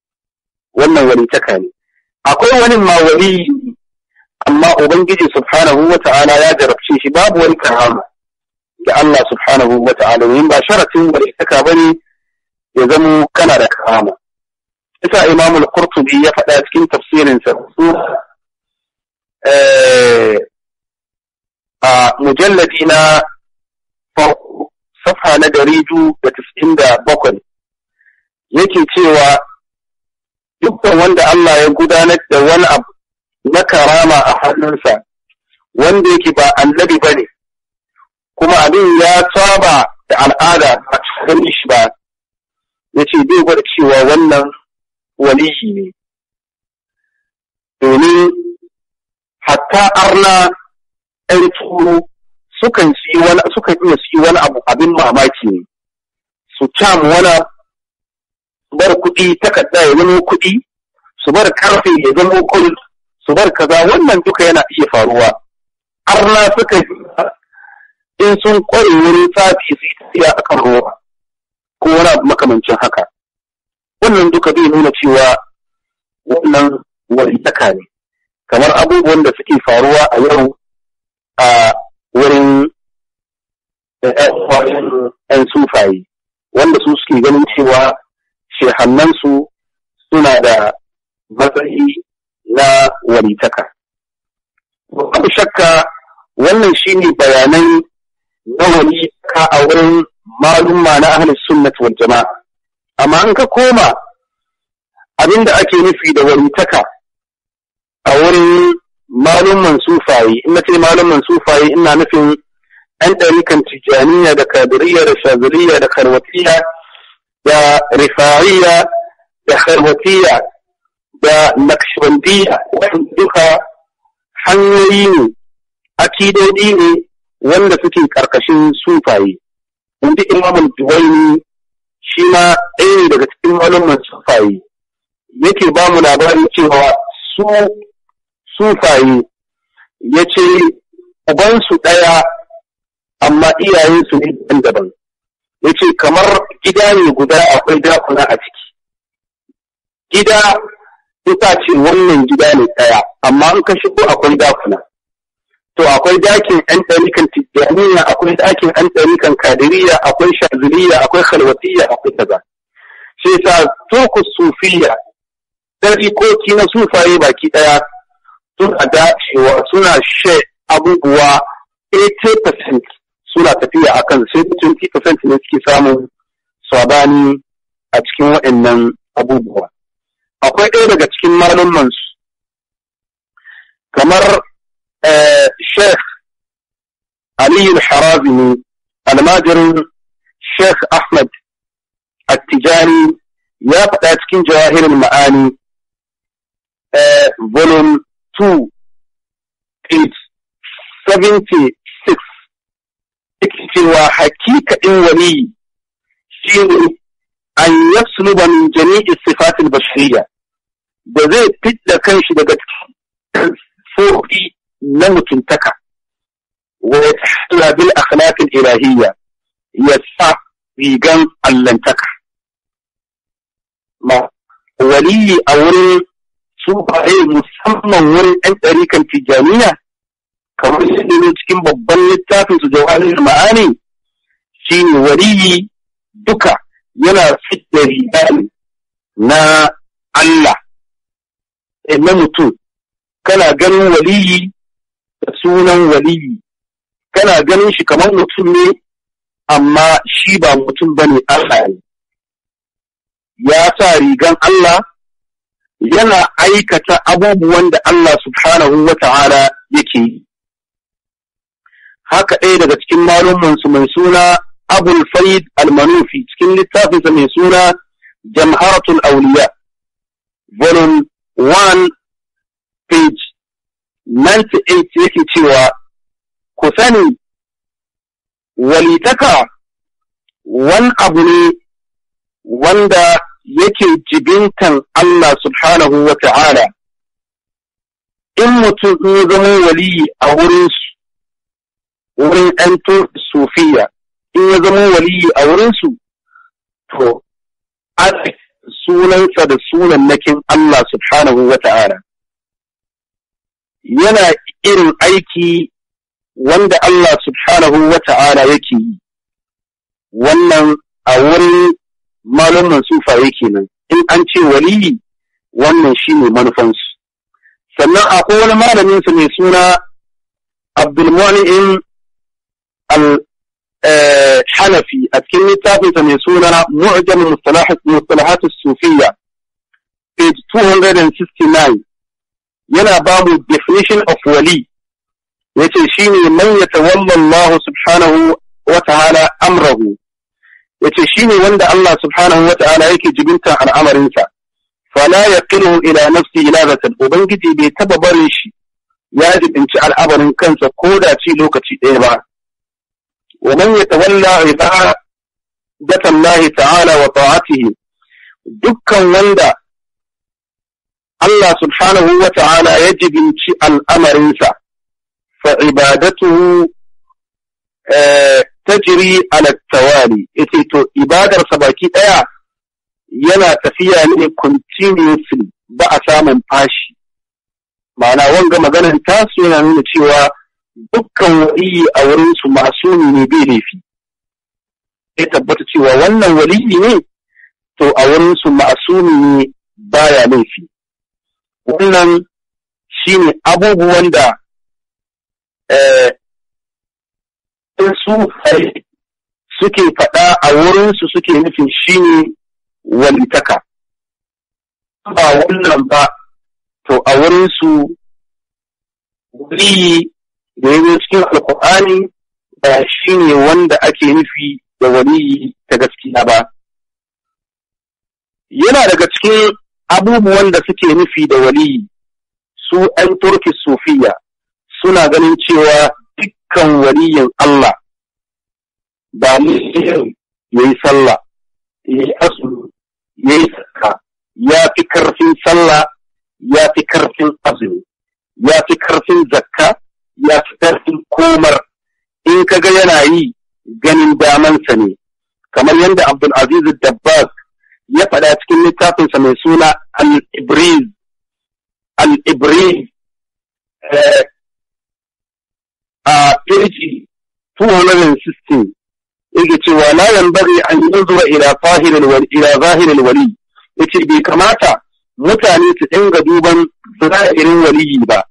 wannan walitaka ne akwai wani ma wali amma ubangiji subhanahu wa ta'ala ya jarabce shi babu wani karama da Allah subhanahu wa ta'ala yin ba sharatin walitaka ne ya zamo kana da karama isa imamul al-qurtubi ya faɗa cikin tafsirinsa eh, a mujalladi na safha na dari biyu da da bakwai yake cewa dukkan wanda Allah ya gudanar da wani abu na karama a hannunsa wanda yake ba annabi ba ne kuma abin ya saba da al'ada a cikin shi ba ya ce zai gwada cewa wannan walihi ne domin hatta arna ɗan turo sukan yi wani abu abin mamaki ne su cam wani bar kuɗi takarda ya zama kuɗi su bar karfe ya zama kul su bar kaza wannan duka yana iya faruwa arna suka in sun kware wurin tsafi su yi tafiya akan ruwa ko wani abu makamancin haka wannan duka zai nuna cewa wannan daka ne kamar abubuwan da suke faruwa a yau a wurin ‘yan eh, eh, sufaye wanda su suke ganin cewa shehannansu suna da matsayi na waritaka. Babu shakka wannan shi ne bayanai na waritaka a wurin malumma na ahalin sunnat wal jama'a. Amma in ka koma abinda ake nufi da waritaka a wurin malumman sufaye, ina ce malumman sufaye ina nufin ‘yan ɗarikan tijjaniya da kadiriya da shaziriya da karwatiya da rifa'iyya da kharwatiyya da naqshbandiyya wanda duka hanyoyi ne akidodi ne wanda suke karkashin sufaye wanda imamul juwaini shi ma ɗaya ne daga cikin malaman sufaye yake ba mu labarin cewa su sufaye ya ce ubansu ɗaya amma iyayensu ne daban-daban ya ce kamar gida ne guda akwai dakuna a ciki gida ita ce wannan gida ne ɗaya amma in ka shigo akwai dakuna to akwai dakin ɗan ɗarikan tijjaniya akwai dakin yan ɗarikan kadiriya akwai shaziliya akwai khalwatiya akwai kaza sai ta turku sufiya ɗarikoki na sufaye baki ɗaya suna dacewa suna she abubuwa 80% suna tafiya akan sai 20% ne suke samun sabani a cikin waɗannan abubuwa. Akwai ɗaya daga cikin malummansu kamar eh, Sheikh Aliyu Harazini, almajirin Sheikh Ahmad Attijani ya faɗa cikin jawahirin ma'ani, eh, volume 2, 8, 76, cewa hakika in waliyi يمكنه أن يسلب من جميع الصفات البشرية بذي تدى كنش دقت فوق لم تنتكى ويتحلى بالأخلاق الإلهية يسع في جنس أن ما ولي أول صوفه مسمى ولي أن أريكا في جانية كما يجب أن يتكين ببن التافن سجوانه المعاني شين ولي duka yana fidda riga na Allah eh, na mutum kana ganin waliyi da sunan waliyi kana ganin shi kamar mutum ne amma shi ba mutum ba ne Allah ne ya sa rigan Allah yana aikata abubuwan da Allah subhanahu wa ta'ala yake yi haka ɗaya daga cikin malumansu mai suna abul faid al-manufi cikin littafinsa mai suna jamharatul auliya volume 1 page 98 yake cewa ku sani walitaka wani abu ne wanda yake jibintan Allah subhanahu wa ta'ala in mutum ya zama waliyi a wurinsu wurin ‘yan sufiya in ya zama waliyi a wurinsu to an sunansa da sunan nakin Allah subhanahu wa ta'ala yana irin aiki wanda Allah subhanahu wa ta'ala yake yi wannan a wurin malamin sufa yake nan in an ce waliyi wannan shi ne manufansu sannan akwai wani malaminsu mai suna abdulmu'in al hanafi a cikin littafinsa mai suna mu'jam mustalahat sufiya page 269 yana ba mu definition of wali yace shine man yatawalla Allah subhanahu wa ta'ala amrahu yace shine wanda Allah subhanahu wa ta'ala yake jibinta al'amarinsa fala yaqilu ila nafsi ilazatan ubangiji bai taba barin shi ya jibinci al'amarin kansa ko da ci lokaci ɗaya ba ومن يتولى عبادة الله تعالى وطاعته دكا وندا الله سبحانه وتعالى يجب الأمر فعبادته آه tajiri ala tawali yace to ibadar sa baki ɗaya, yana tafiya ne continuously ba a samun fashi ma'ana wanga maganar tasu nuna cewa dukkan waliyi a wurinsu su ne bai laifi ya tabbata cewa wannan waliyi ne to a wurin su ne baya laifi wannan shi ne abubuwan da eh, su suke faɗa a wurinsu suke nufin ne walitaka ba wannan ba to a wurinsu waliyi da ya zo cikin alkur'ani ba shi ne wanda ake nufi da waliyi ta gaskiya ba yana daga cikin abubuwan da suke nufi da waliyi su ‘yan turki sufiya suna ganin cewa dukkan waliyin Allah ba mu ya yi sallah ya yi azumi ya yi saka ya fi karfin sallah ya fi karfin azumi ya fi karfin zakka ya fitar in komar in kaga yana yi ganin damansa ne kamar yadda abdul'aziz Aziz Dabbas ya faɗa cikin littafinsa mai suna Al-Ibriz Al-Ibriz eh, a page 216 yake cewa la yanbaghi an yanzura ila zahirin wali ila zahiril wali yace bai kamata mutane su dinga duban zahirin waliyi ba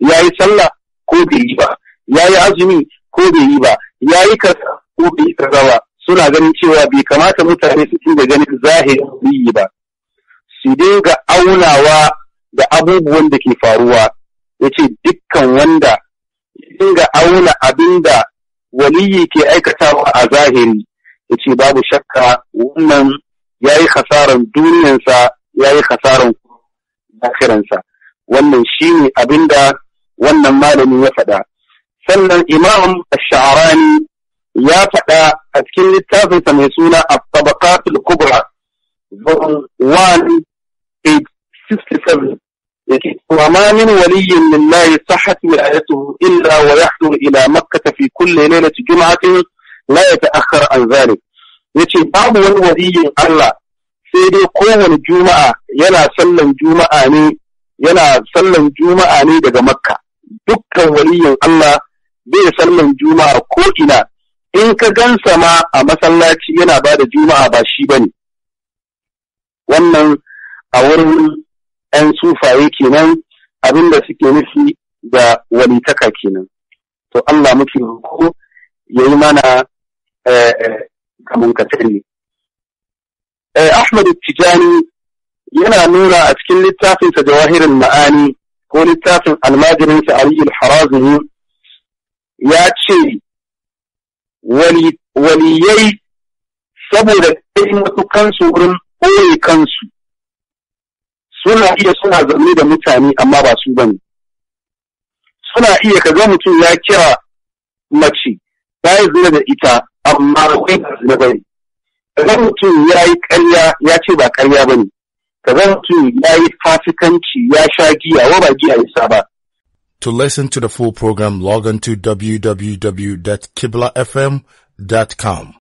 yayi sallah ko bai yi ba ya yi azumi ko bai yi ba ya yi kasa ko bai yi kaza ba suna ganin cewa bai kamata mutane su dinga ganin zahiri. yi ba su dinga aunawa da abubuwan da ke faruwa ya ce dukkan wanda dinga auna abin da waliyi ke aikatawa a zahiri ya ce babu shakka wannan ya yi hasaran duniyansa ya yi hasaran zahiransa wannan shi ne abin da wannan malami ya faɗa sannan imam ash-sha'rani ya faɗa a cikin littafin sa mai suna a tabakatul kubra zon 1867 yake wa ma min waliyyin lillahi sahhat wilayatuhu illa wa yahdur ila makkah fi kulli lailati jum'atin la yata'akhkhar an zalik yace babu wani waliyyin Allah sai dai kowane juma'a yana sallan juma'a ne yana sallan juma'a ne daga makkah dukkan waliyin Allah bai sallan juma'a ko ina in ka gansa ma a masallaci yana ba da juma'a ba shi ba ne wannan a wurin 'yan sufaye kenan abin da suke nufi da walitaka kenan to Allah muke ko ya yi mana eh, eh, kamun ne. Eh, Ahmadu Tijani yana nuna a cikin littafinsa jawahirin ma'ani ko littafin almajirin Ali al ya ce waliyai saboda kai matukansu wurin ɓoye kansu suna iya suna zaune da mutane amma ba su bane suna iya kaga mutum ya kira mace ta yi zina da ita amma akwai ba zina bane kaga mutum ya yi karya ya ce ba karya bane To listen to the full program, log on to www.kiblafm.com.